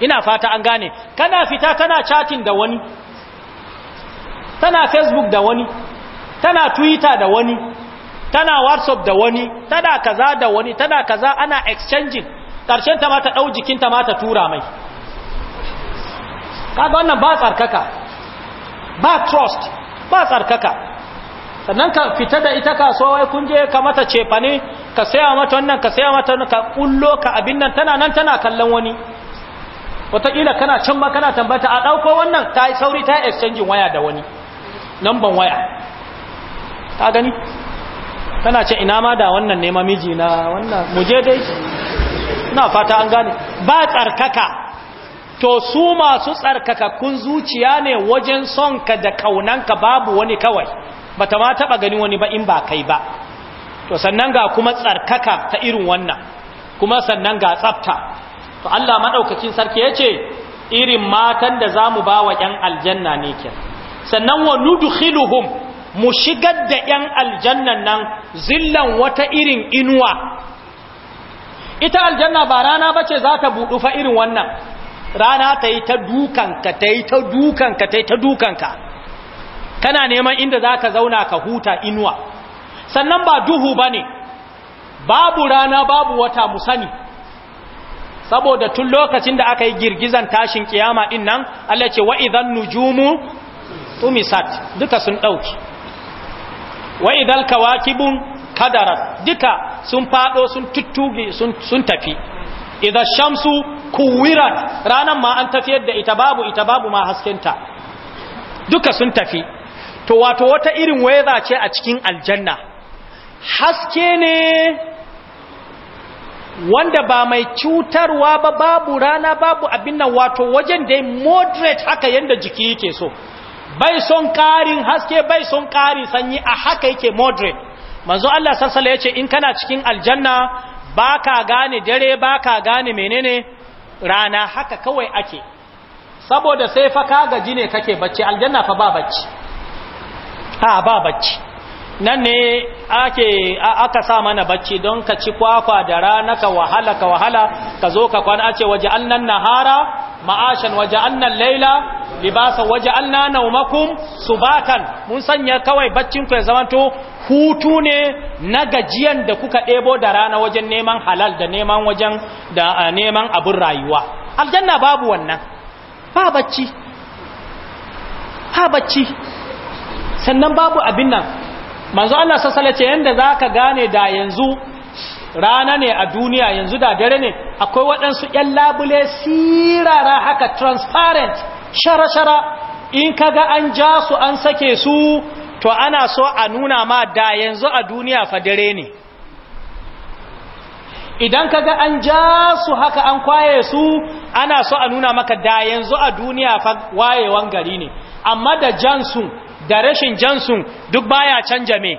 ina fata an gane kana fita tana chatin da wani tana facebook da wani tana twitter da wani tana whatsapp da wani tana kaza da wani tana kaza ana exchanging ƙarshen ta ma ta ɗau jikin ta ma ta tura mai kaga wannan ba tsarkaka ba trust ba tsarkaka sannan ka fita da ita kasuwa wai kun je ka mata cefa ne ka saya mata wannan ka saya mata ka kullo ka abin nan tana nan tana kallon wani wataƙila kana can ma kana tambata a ɗauko wannan ta sauri ta yi exchanging waya da wani namban waya ta gani tana ce ina ma da wannan ne mamiji na wannan muje dai na fata an gane ba tsarkaka to su masu tsarkakakun zuciya ne wajen son ka da kaunanka babu wani kawai bata ma taba gani wani ba in ba kai ba to sannan ga kuma tsarkaka ta irin wannan kuma sannan ga tsafta to Allah madaukakin sarki yace irin matan da zamu ba wa yan aljanna ne kin sannan wa nudkhiluhum mu shigar da ‘yan aljannan nan zillan wata irin inuwa ita aljanna ba rana ba ce za ta buɗu fa irin wannan rana ta yi ta dukanka ta yi ta dukanka ta yi ta dukanka kana neman inda za ka zauna ka huta inuwa sannan ba duhu ba ne babu rana babu wata mu sani saboda tun lokacin da aka yi girgizan tashin kiyama din nan Allah ce nujumu tumisat duka sun ɗauki. wa idal kawakibun kadarat duka sun fado sun tuttuge sun tafi idza shamsu kuwirat ranan ma an tafiyar da ita babu ita babu ma haskenta duka sun tafi to wato wata irin weather ce a cikin aljanna haske ne wanda ba mai cutarwa ba babu rana babu abin nan wato wajen dai moderate haka yanda jiki yake so bai son ƙarin haske bai son ƙari sanyi a haka yake moderate manzo Allah sassala ya ce in kana cikin aljanna ba ka gane dare ba ka gane menene rana haka kawai ake saboda sai fa ka gaji ne kake bacci aljanna fa ba bacci ha ba bacci nan ne ake aka sa mana bacci don ka ci kwakwa da rana ka wahala ka wahala ka zo ka kwana ce waje annan nahara ma'ashan waje annan laila libasa waje anna naumakum subatan mun sanya kawai baccin ku ya zamanto hutu ne na gajiyan da kuka ɗebo da rana wajen neman halal da neman wajen da neman abin rayuwa aljanna babu wannan ba bacci ba bacci sannan babu abin nan manzo Allah sassala ce yadda za ka gane da yanzu rana ne a duniya yanzu da dare ne akwai waɗansu ‘yan labule sirara haka transparent shara-shara in kaga an ja su an sake su to ana so a nuna ma da yanzu a duniya fa dare ne idan kaga an ja su haka an kwaye su ana so a nuna maka da yanzu a duniya fa wayewan gari ne amma da jansu da rashin jansu duk baya canja me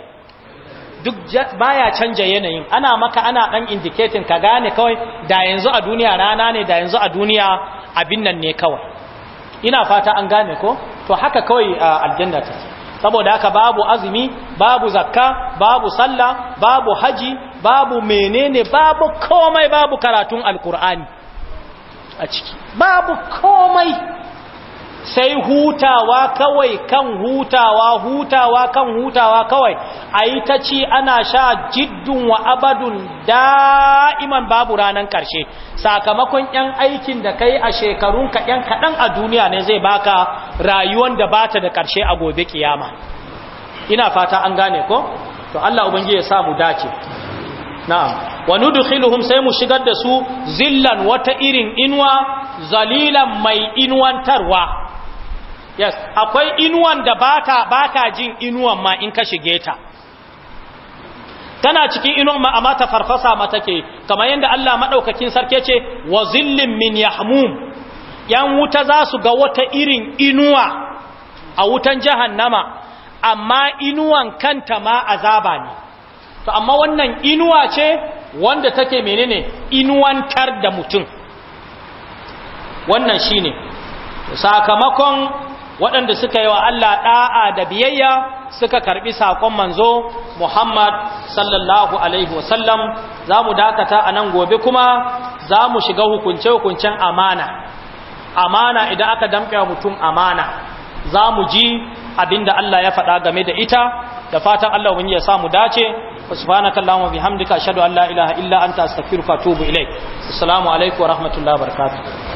duk baya canja yanayin ana maka ana dan indicating ka gane kawai da yanzu a duniya rana ne da yanzu a duniya abin nan ne kawai ina fata an gane ko to haka kawai aljanna ta saboda haka babu azumi babu zakka babu sallah babu haji babu menene babu komai babu karatun alkur'ani a ciki babu komai sai hutawa kawai kan hutawa hutawa kan hutawa kawai a yi ta ci ana sha jiddun wa abadun da'iman babu ranar karshe. sakamakon 'yan aikin da kai a shekarun 'yan kaɗan a duniya ne zai baka rayuwan da bata da ƙarshe a gobe kiyama ina fata an gane ko to Allah ubangi ya samu dace na'am wa nudkhiluhum sai mu shigar da su zillan wata irin inuwa zalilan mai inwantarwa yes akwai inuwan da baka baka jin inuwan ma in ka shige ta tana cikin inuwan ma amma ta farfasa ma take kamar yanda Allah madaukakin sarki ce wa zillin min yahmum yan wuta za su ga wata irin inuwa a wutan jahannama amma inuwan kanta ma azaba ne to amma wannan inuwa ce wanda take menene inuwan inuwantar da mutum wannan shine sakamakon waɗanda suka yi wa Allah ɗa'a da biyayya suka karɓi saƙon manzo Muhammad sallallahu Alaihi wasallam za mu dakata a nan gobe kuma za mu shiga hukunce-hukuncen amana amana idan aka damƙa mutum amana za mu ji abinda Allah ya faɗa game da ita da fatan Allah wani ya samu dace subhanaka allahumma bihamdika ashhadu an la ilaha illa anta astaghfiruka wa atubu ilaik assalamu alaikum wa rahmatullahi wa barakatuh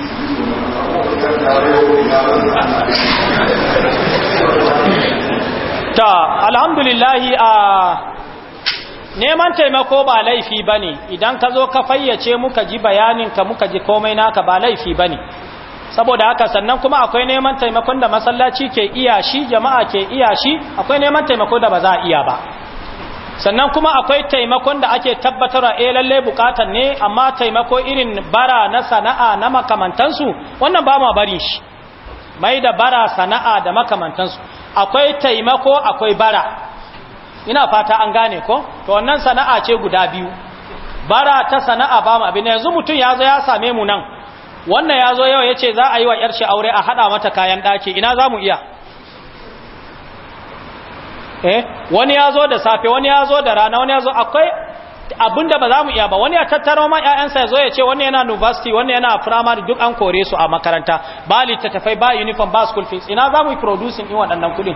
ta alhamdulillahi a neman taimako ba laifi ba ne idan ka zo ka fayyace muka ji bayaninka muka ji komai naka ba laifi ba ne saboda haka sannan kuma akwai neman taimakon da masallaci ke iya shi jama'a ke iya shi akwai neman taimako da ba za a iya ba sannan kuma akwai taimakon da ake tabbatarwa eh lalle bukatar ne amma taimako irin bara na sana'a na makamantansu wannan ba ma bari shi mai da bara sana'a da makamantansu akwai taimako akwai bara ina fata an gane ko to wannan sana'a ce guda biyu bara ta sana'a ba ma abin yanzu mutum ya zo ya same mu nan wannan ya zo yau ya ce za a yi wa shi aure a haɗa mata kayan ɗaki ina za mu iya eh wani ya zo da safe wani ya zo da rana wani ya zo akwai abinda ba za mu iya ba wani ya tattaro ma ƴaƴansa ya zo ya ce wani yana university wani yana primary duk an kore su a makaranta ba littattafai ba uniform ba school fees ina za mu yi producing in waɗannan kuɗin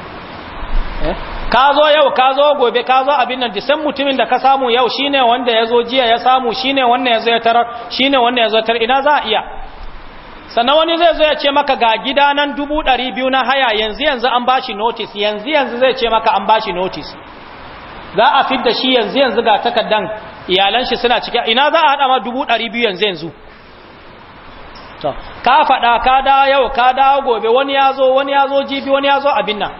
eh, ka zo yau ka zo gobe ka zo abin nan disan mutumin da ka samu yau shine wanda ya zo jiya ya samu shine wannan ya zo ya tarar shine wanda ya zo tarar ina za a iya sannan wani zai zo ya ce maka ga gidanan dubu ɗari biyu na haya yanzu yanzu an bashi notis yanzu yanzu zai ce maka an bashi notis za a fi da shi yanzu yanzu ga takardan iyalan shi suna cike ina za a haɗa ma dubu ɗari biyu yanzu yanzu ka faɗa ka dawo yau ka dawo gobe wani ya zo wani ya zo jibi wani ya zo abin nan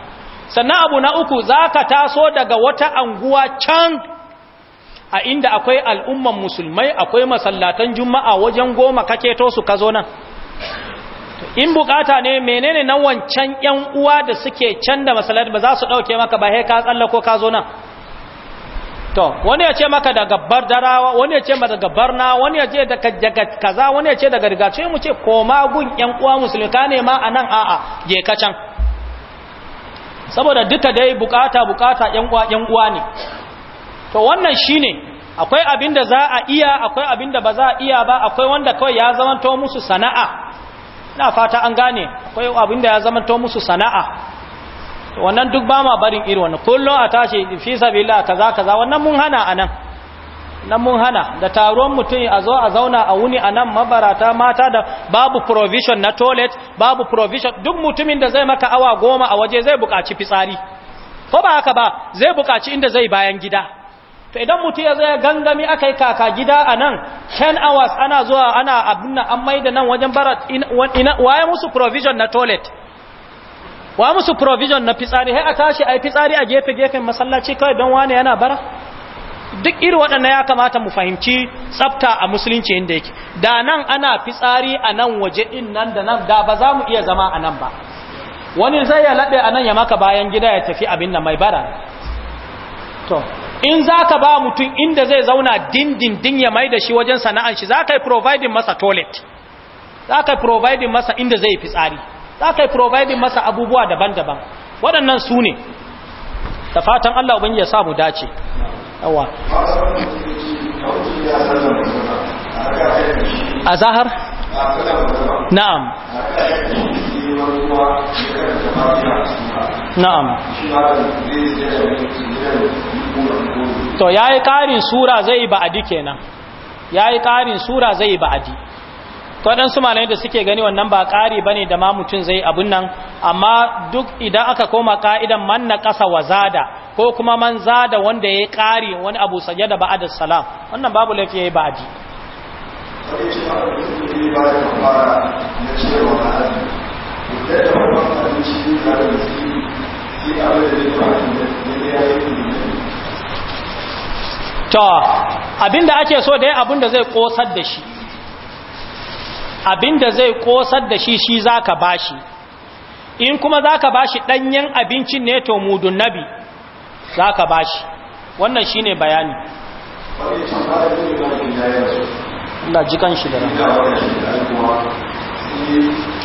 sannan abu na uku za ka taso daga wata anguwa can a inda akwai al'umman musulmai akwai masallatan juma'a wajen goma kake to su ka zo nan in bukata ne menene nan wancan yan uwa da suke can da masallaci ba za su dauke maka ba he ka tsalla ko ka zo nan to wani ya ce maka daga bardarawa wani ya ce maka daga barna wani ya ce daga kaza wani ya ce daga ce mu ce koma gun yan uwa musulmi ka ne ma anan a'a je ka can saboda duka dai bukata bukata yan uwa yan uwa ne to wannan shine akwai abinda za a iya akwai abinda ba za a iya ba akwai wanda kawai ya zamanto musu sana'a na fata an gane akwai abin da ya zamanto musu sana'a wannan duk ba ma barin iri wannan kullum a tashi fi sabila kaza kaza wannan mun hana anan nan mun hana da taron mutum a zo a zauna a wuni a nan mabarata mata da babu provision na toilet babu provision duk mutumin da zai maka awa goma a waje zai bukaci fitsari ko ba haka ba zai bukaci inda zai bayan gida to idan mutu ya zai gangami aka yi kaka gida a nan 10 hours ana zuwa ana abin nan an maida nan wajen barat waye musu provision na toilet wa musu provision na fitsari hai a tashi a yi fitsari a gefe-gefen masallaci kawai don wane yana bara duk iri waɗannan ya kamata mu fahimci tsafta a musulunci inda yake da nan ana fitsari a nan waje ɗin nan da nan da ba za mu iya zama a nan ba wani zai ya laɓe a nan ya maka bayan gida ya tafi abin da mai bara to in za ka ba mutum inda zai zauna dindindin ya mai da shi wajen sana'an shi za ka yi providing masa toilet za ka yi providing masa inda zai fitsari za ka yi providing masa abubuwa daban-daban waɗannan su ne da fatan Allah ubangiji ya samu dace yawa a zahar na'am na'am to yayi karin sura zai yi ba'adi kenan ya yi karin sura zai yi ba'adi to dan su malamai da suke gani wannan ba kari bane da ma mutum zai abun nan amma duk idan aka koma ka'idan man na wa zada ko kuma man zada wanda yayi kari wani abu sanye da ba'ad salam wannan babu lafiya yayi ba'adi da da da da shi abin da zai da ya yi to abinda ake so dai abinda zai kosar da shi abinda zai kosar da shi shi zaka bashi in kuma zaka bashi danyen abincin ne to mudun nabi zaka bashi wannan shine bayani Allah ji kan shi da rahama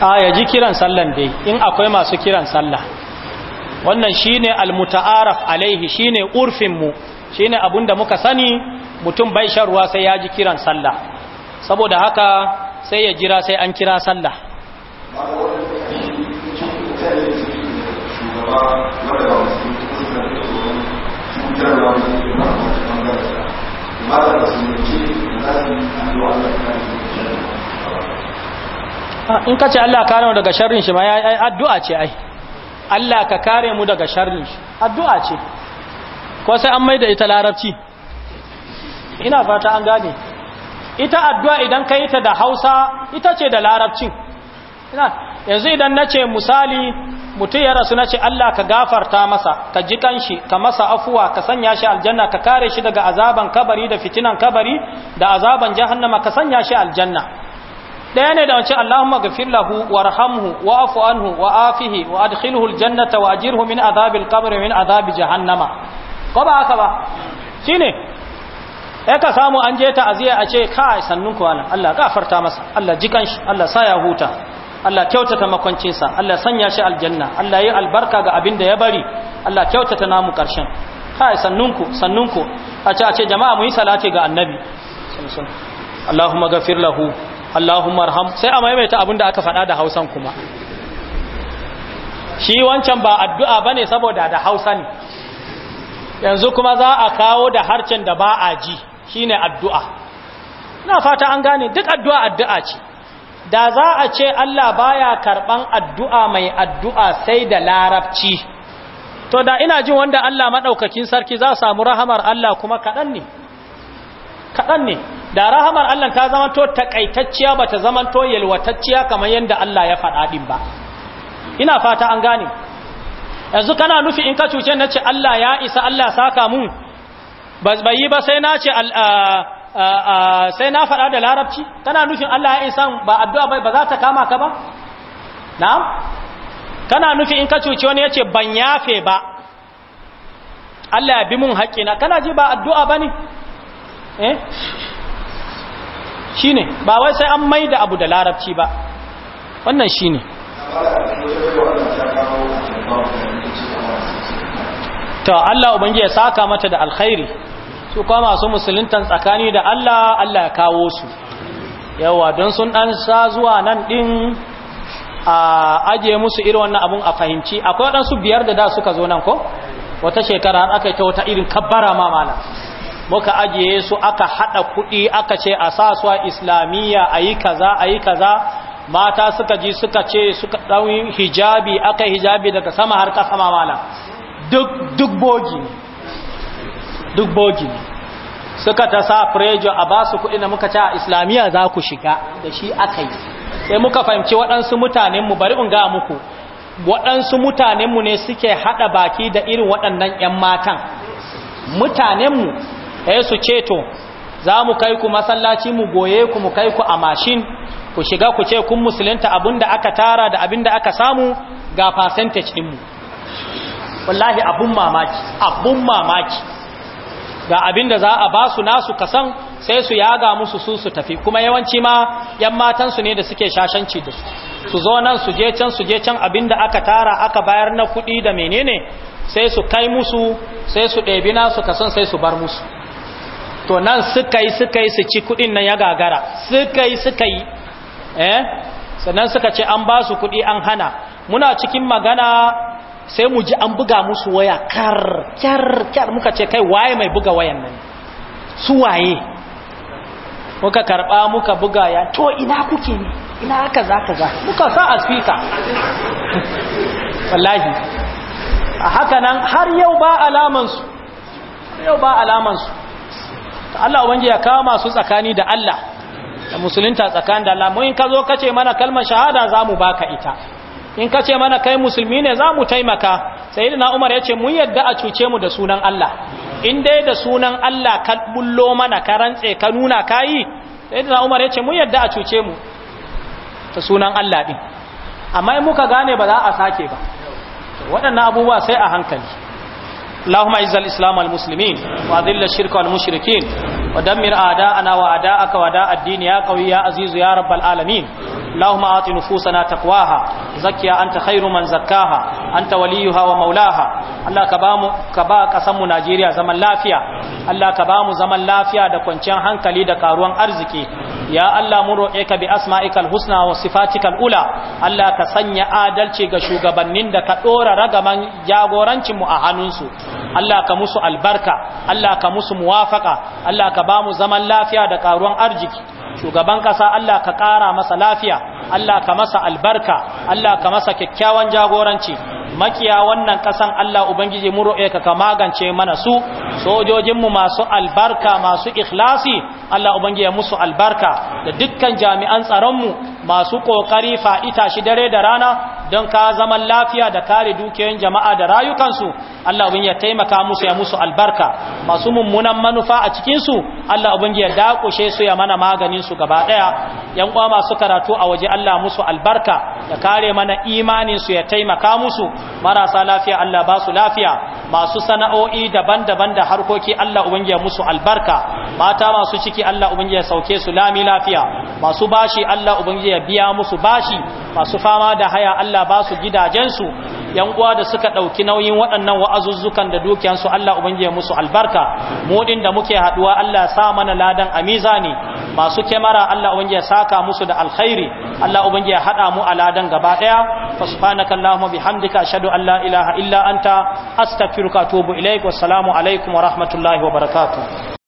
A'a ya ji kiran sallan dai in akwai masu kiran sallah wannan shine almuta'araf alaihi shine urfinmu shine da muka sani mutum bai sharuwa sai ya ji kiran sallah saboda haka sai ya jira sai an kira sallah Malam da sun yi ce da za su yi in ka ce Allah kare mu daga sharrin shi ma ya yi addu'a ce ai Allah ka kare mu daga sharrin shi addu'a ce ko sai an maida ita larabci ina fata an gane ita addu'a idan ka yi ta da hausa ita ce da larabcin yanzu idan na ce misali mutum ya rasu na ce Allah ka gafarta masa ka ji kanshi ka masa afuwa ka sanya shi aljanna ka kare shi daga azaban kabari da fitinan kabari da azaban jahannama ka sanya shi aljanna ɗaya ne da wace Allahumma gafir lahu warhamhu wa afu anhu wa afihi wa adkhilhu aljannata wa ajirhu min adhabil qabr min adhabi jahannama ko ba haka ba shine eh ka samu an je ta aziya a ce kai sannun ku wala Allah gafarta masa Allah jikan shi Allah sa ya huta Allah kyautata sa Allah sanya shi aljanna Allah yi albarka ga abin da ya bari Allah kyautata namu karshen kai sannunku sannunku a ce a ce jama'a mu yi salati ga annabi Allahumma gafir lahu Allahumma arham sai a maimaita abin da aka faɗa da Hausan kuma shi wancan ba addu'a bane saboda da Hausa ne yanzu kuma za a kawo da harcen da ba a ji shine addu'a na fata an gane duk addu'a addu'a ce da za a ce Allah baya karɓan addu'a mai addu'a sai da larabci to da ina jin wanda Allah madaukakin sarki za samu rahamar Allah kuma kaɗan ne kaɗan ne da rahamar Allah ta zamanto takaitacciya ba ta zamanto yalwatacciya kamar yadda Allah ya faɗa ɗin ba ina fata an gane yanzu kana nufi in ka cuce na ce Allah ya isa Allah saka mun ba yi ba sai na ce sai na faɗa da larabci kana nufin Allah ya isa ba addu'a bai ba za ta kama ka ba na'am kana nufi in ka cuce wani ya ce ban yafe ba Allah ya bi mun haƙƙina kana ji ba addu'a ba ne eh ne ba wai sai an maida abu da larabci ba wannan shine to Allah ubangiji ya saka mata da alkhairi su kuma masu musulunta tsakani da Allah Allah ya kawo su yawa don sun dan sa zuwa nan din a aje musu irin wannan abun a fahimci akwai waɗansu biyar da da suka zo nan ko wata shekara aka yi ta wata irin kabbara ma malam muka ajiye su aka hada kudi aka ce a sa su a islamiyya ayi kaza ayi kaza mata suka ji suka ce suka dauyi hijabi aka hijabi daga sama har kasa mamala duk duk bogi ne duk bogi ne suka ta sa prejo a basu kudi na muka ce a islamiyya za ku shiga da shi aka yi sai muka fahimci waɗansu mutanenmu bari in ga muku waɗansu mutanenmu ne suke haɗa baki da irin waɗannan 'yan matan mutanenmu Yesu eh, su ce to za mu kai ku masallaci mu goye ku mu kai ku a mashin ku shiga ku ce kun musulunta abinda aka tara da abinda aka samu ga percentage ɗinmu wallahi abun mamaki abun mamaki ga abinda za a ba su nasu kasan sai su yaga musu su su tafi kuma yawanci ma yan matansu ne da suke shashanci da su su zo nan su je can su je can abinda aka tara aka bayar na kuɗi da menene sai su kai musu sai su ɗebi nasu kasan sai su bar musu to nan suka yi suka yi su ci kudin nan ya gagara suka yi suka yi eh sannan suka ce an ba su kudi an hana muna cikin magana sai mu ji an buga musu waya kar kyar kyar muka ce kai waye mai buga wayan nan su waye muka karba muka buga ya to ina kuke ne ina kaza kaza muka sa a speaker wallahi a haka nan har yau ba alamansu yau ba alamansu Allah ubangi ya kawo masu tsakani da Allah da musulunta tsakani da Allah mu in ka zo kace mana kalmar shahada za mu baka ita in ka ce mana kai musulmi ne za mu taimaka sai umar ya ce mun yadda a cuce mu da sunan Allah in dai da sunan Allah ka bullo mana ka rantse ka nuna kayi sai umar yace mun yadda a cuce mu da sunan Allah din amma in muka gane ba za a sake ba waɗannan abubuwa sai a hankali اللهم اعز الاسلام والمسلمين واذل الشرك والمشركين ودمر أعداءنا وأعداءك وأعداء الدين يا قوي يا عزيز يا رب العالمين اللهم آت نفوسنا تقواها زكيا أنت خير من زكاها أنت وليها ومولاها Allah ka ba mu ka ba kasan mu Najeriya zaman lafiya Allah ka ba mu zaman lafiya da kwanciyar hankali da karuwan arziki ya Allah mun roƙe ka bi asma'ikal husna wa sifatikal ula Allah ka sanya adalci ga shugabannin da ka dora ragaman jagorancin mu a hannunsu Allah ka musu albarka Allah ka musu muwafaka Allah ka ka ba mu zaman lafiya da karuwan arziki shugaban kasa Allah ka ƙara masa lafiya Allah ka masa albarka Allah ka masa kyakkyawan jagoranci makiya wannan ƙasan Allah ubangiji mu ro'e ka ka magance mana su sojojinmu masu albarka masu ikhlasi Allah ubangiji ya musu albarka da dukkan jami'an tsaron mu masu ƙoƙari fa shi dare da rana don ka zaman lafiya da kare dukiyoyin jama'a da rayukansu Allah ubin ya taimaka musu ya musu albarka masu mummunan manufa a cikinsu Allah ubin ya dakushe su ya mana maganin su gaba ɗaya yan kwa masu karatu a waje Allah musu albarka ya kare mana imanin ya taimaka musu marasa lafiya Allah ba su lafiya masu sana'o'i daban-daban da harkoki Allah ubin ya musu albarka mata masu ciki Allah ubin ya sauke su lami lafiya masu bashi Allah ubin ya biya musu bashi masu fama da haya Allah Allah ba su gidajensu yan uwa da suka ɗauki nauyin waɗannan wa'azuzzukan da dukiyansu Allah ubangiji musu albarka mu din da muke haduwa Allah sa mana ladan amiza ne masu kemara Allah ubangiji ya saka musu da alkhairi Allah ubangiji ya hada mu a ladan gaba daya fa subhanaka allahumma bihamdika ashhadu an la ilaha illa anta astaghfiruka wa atubu ilaik wassalamu alaikum wa rahmatullahi wa barakatuh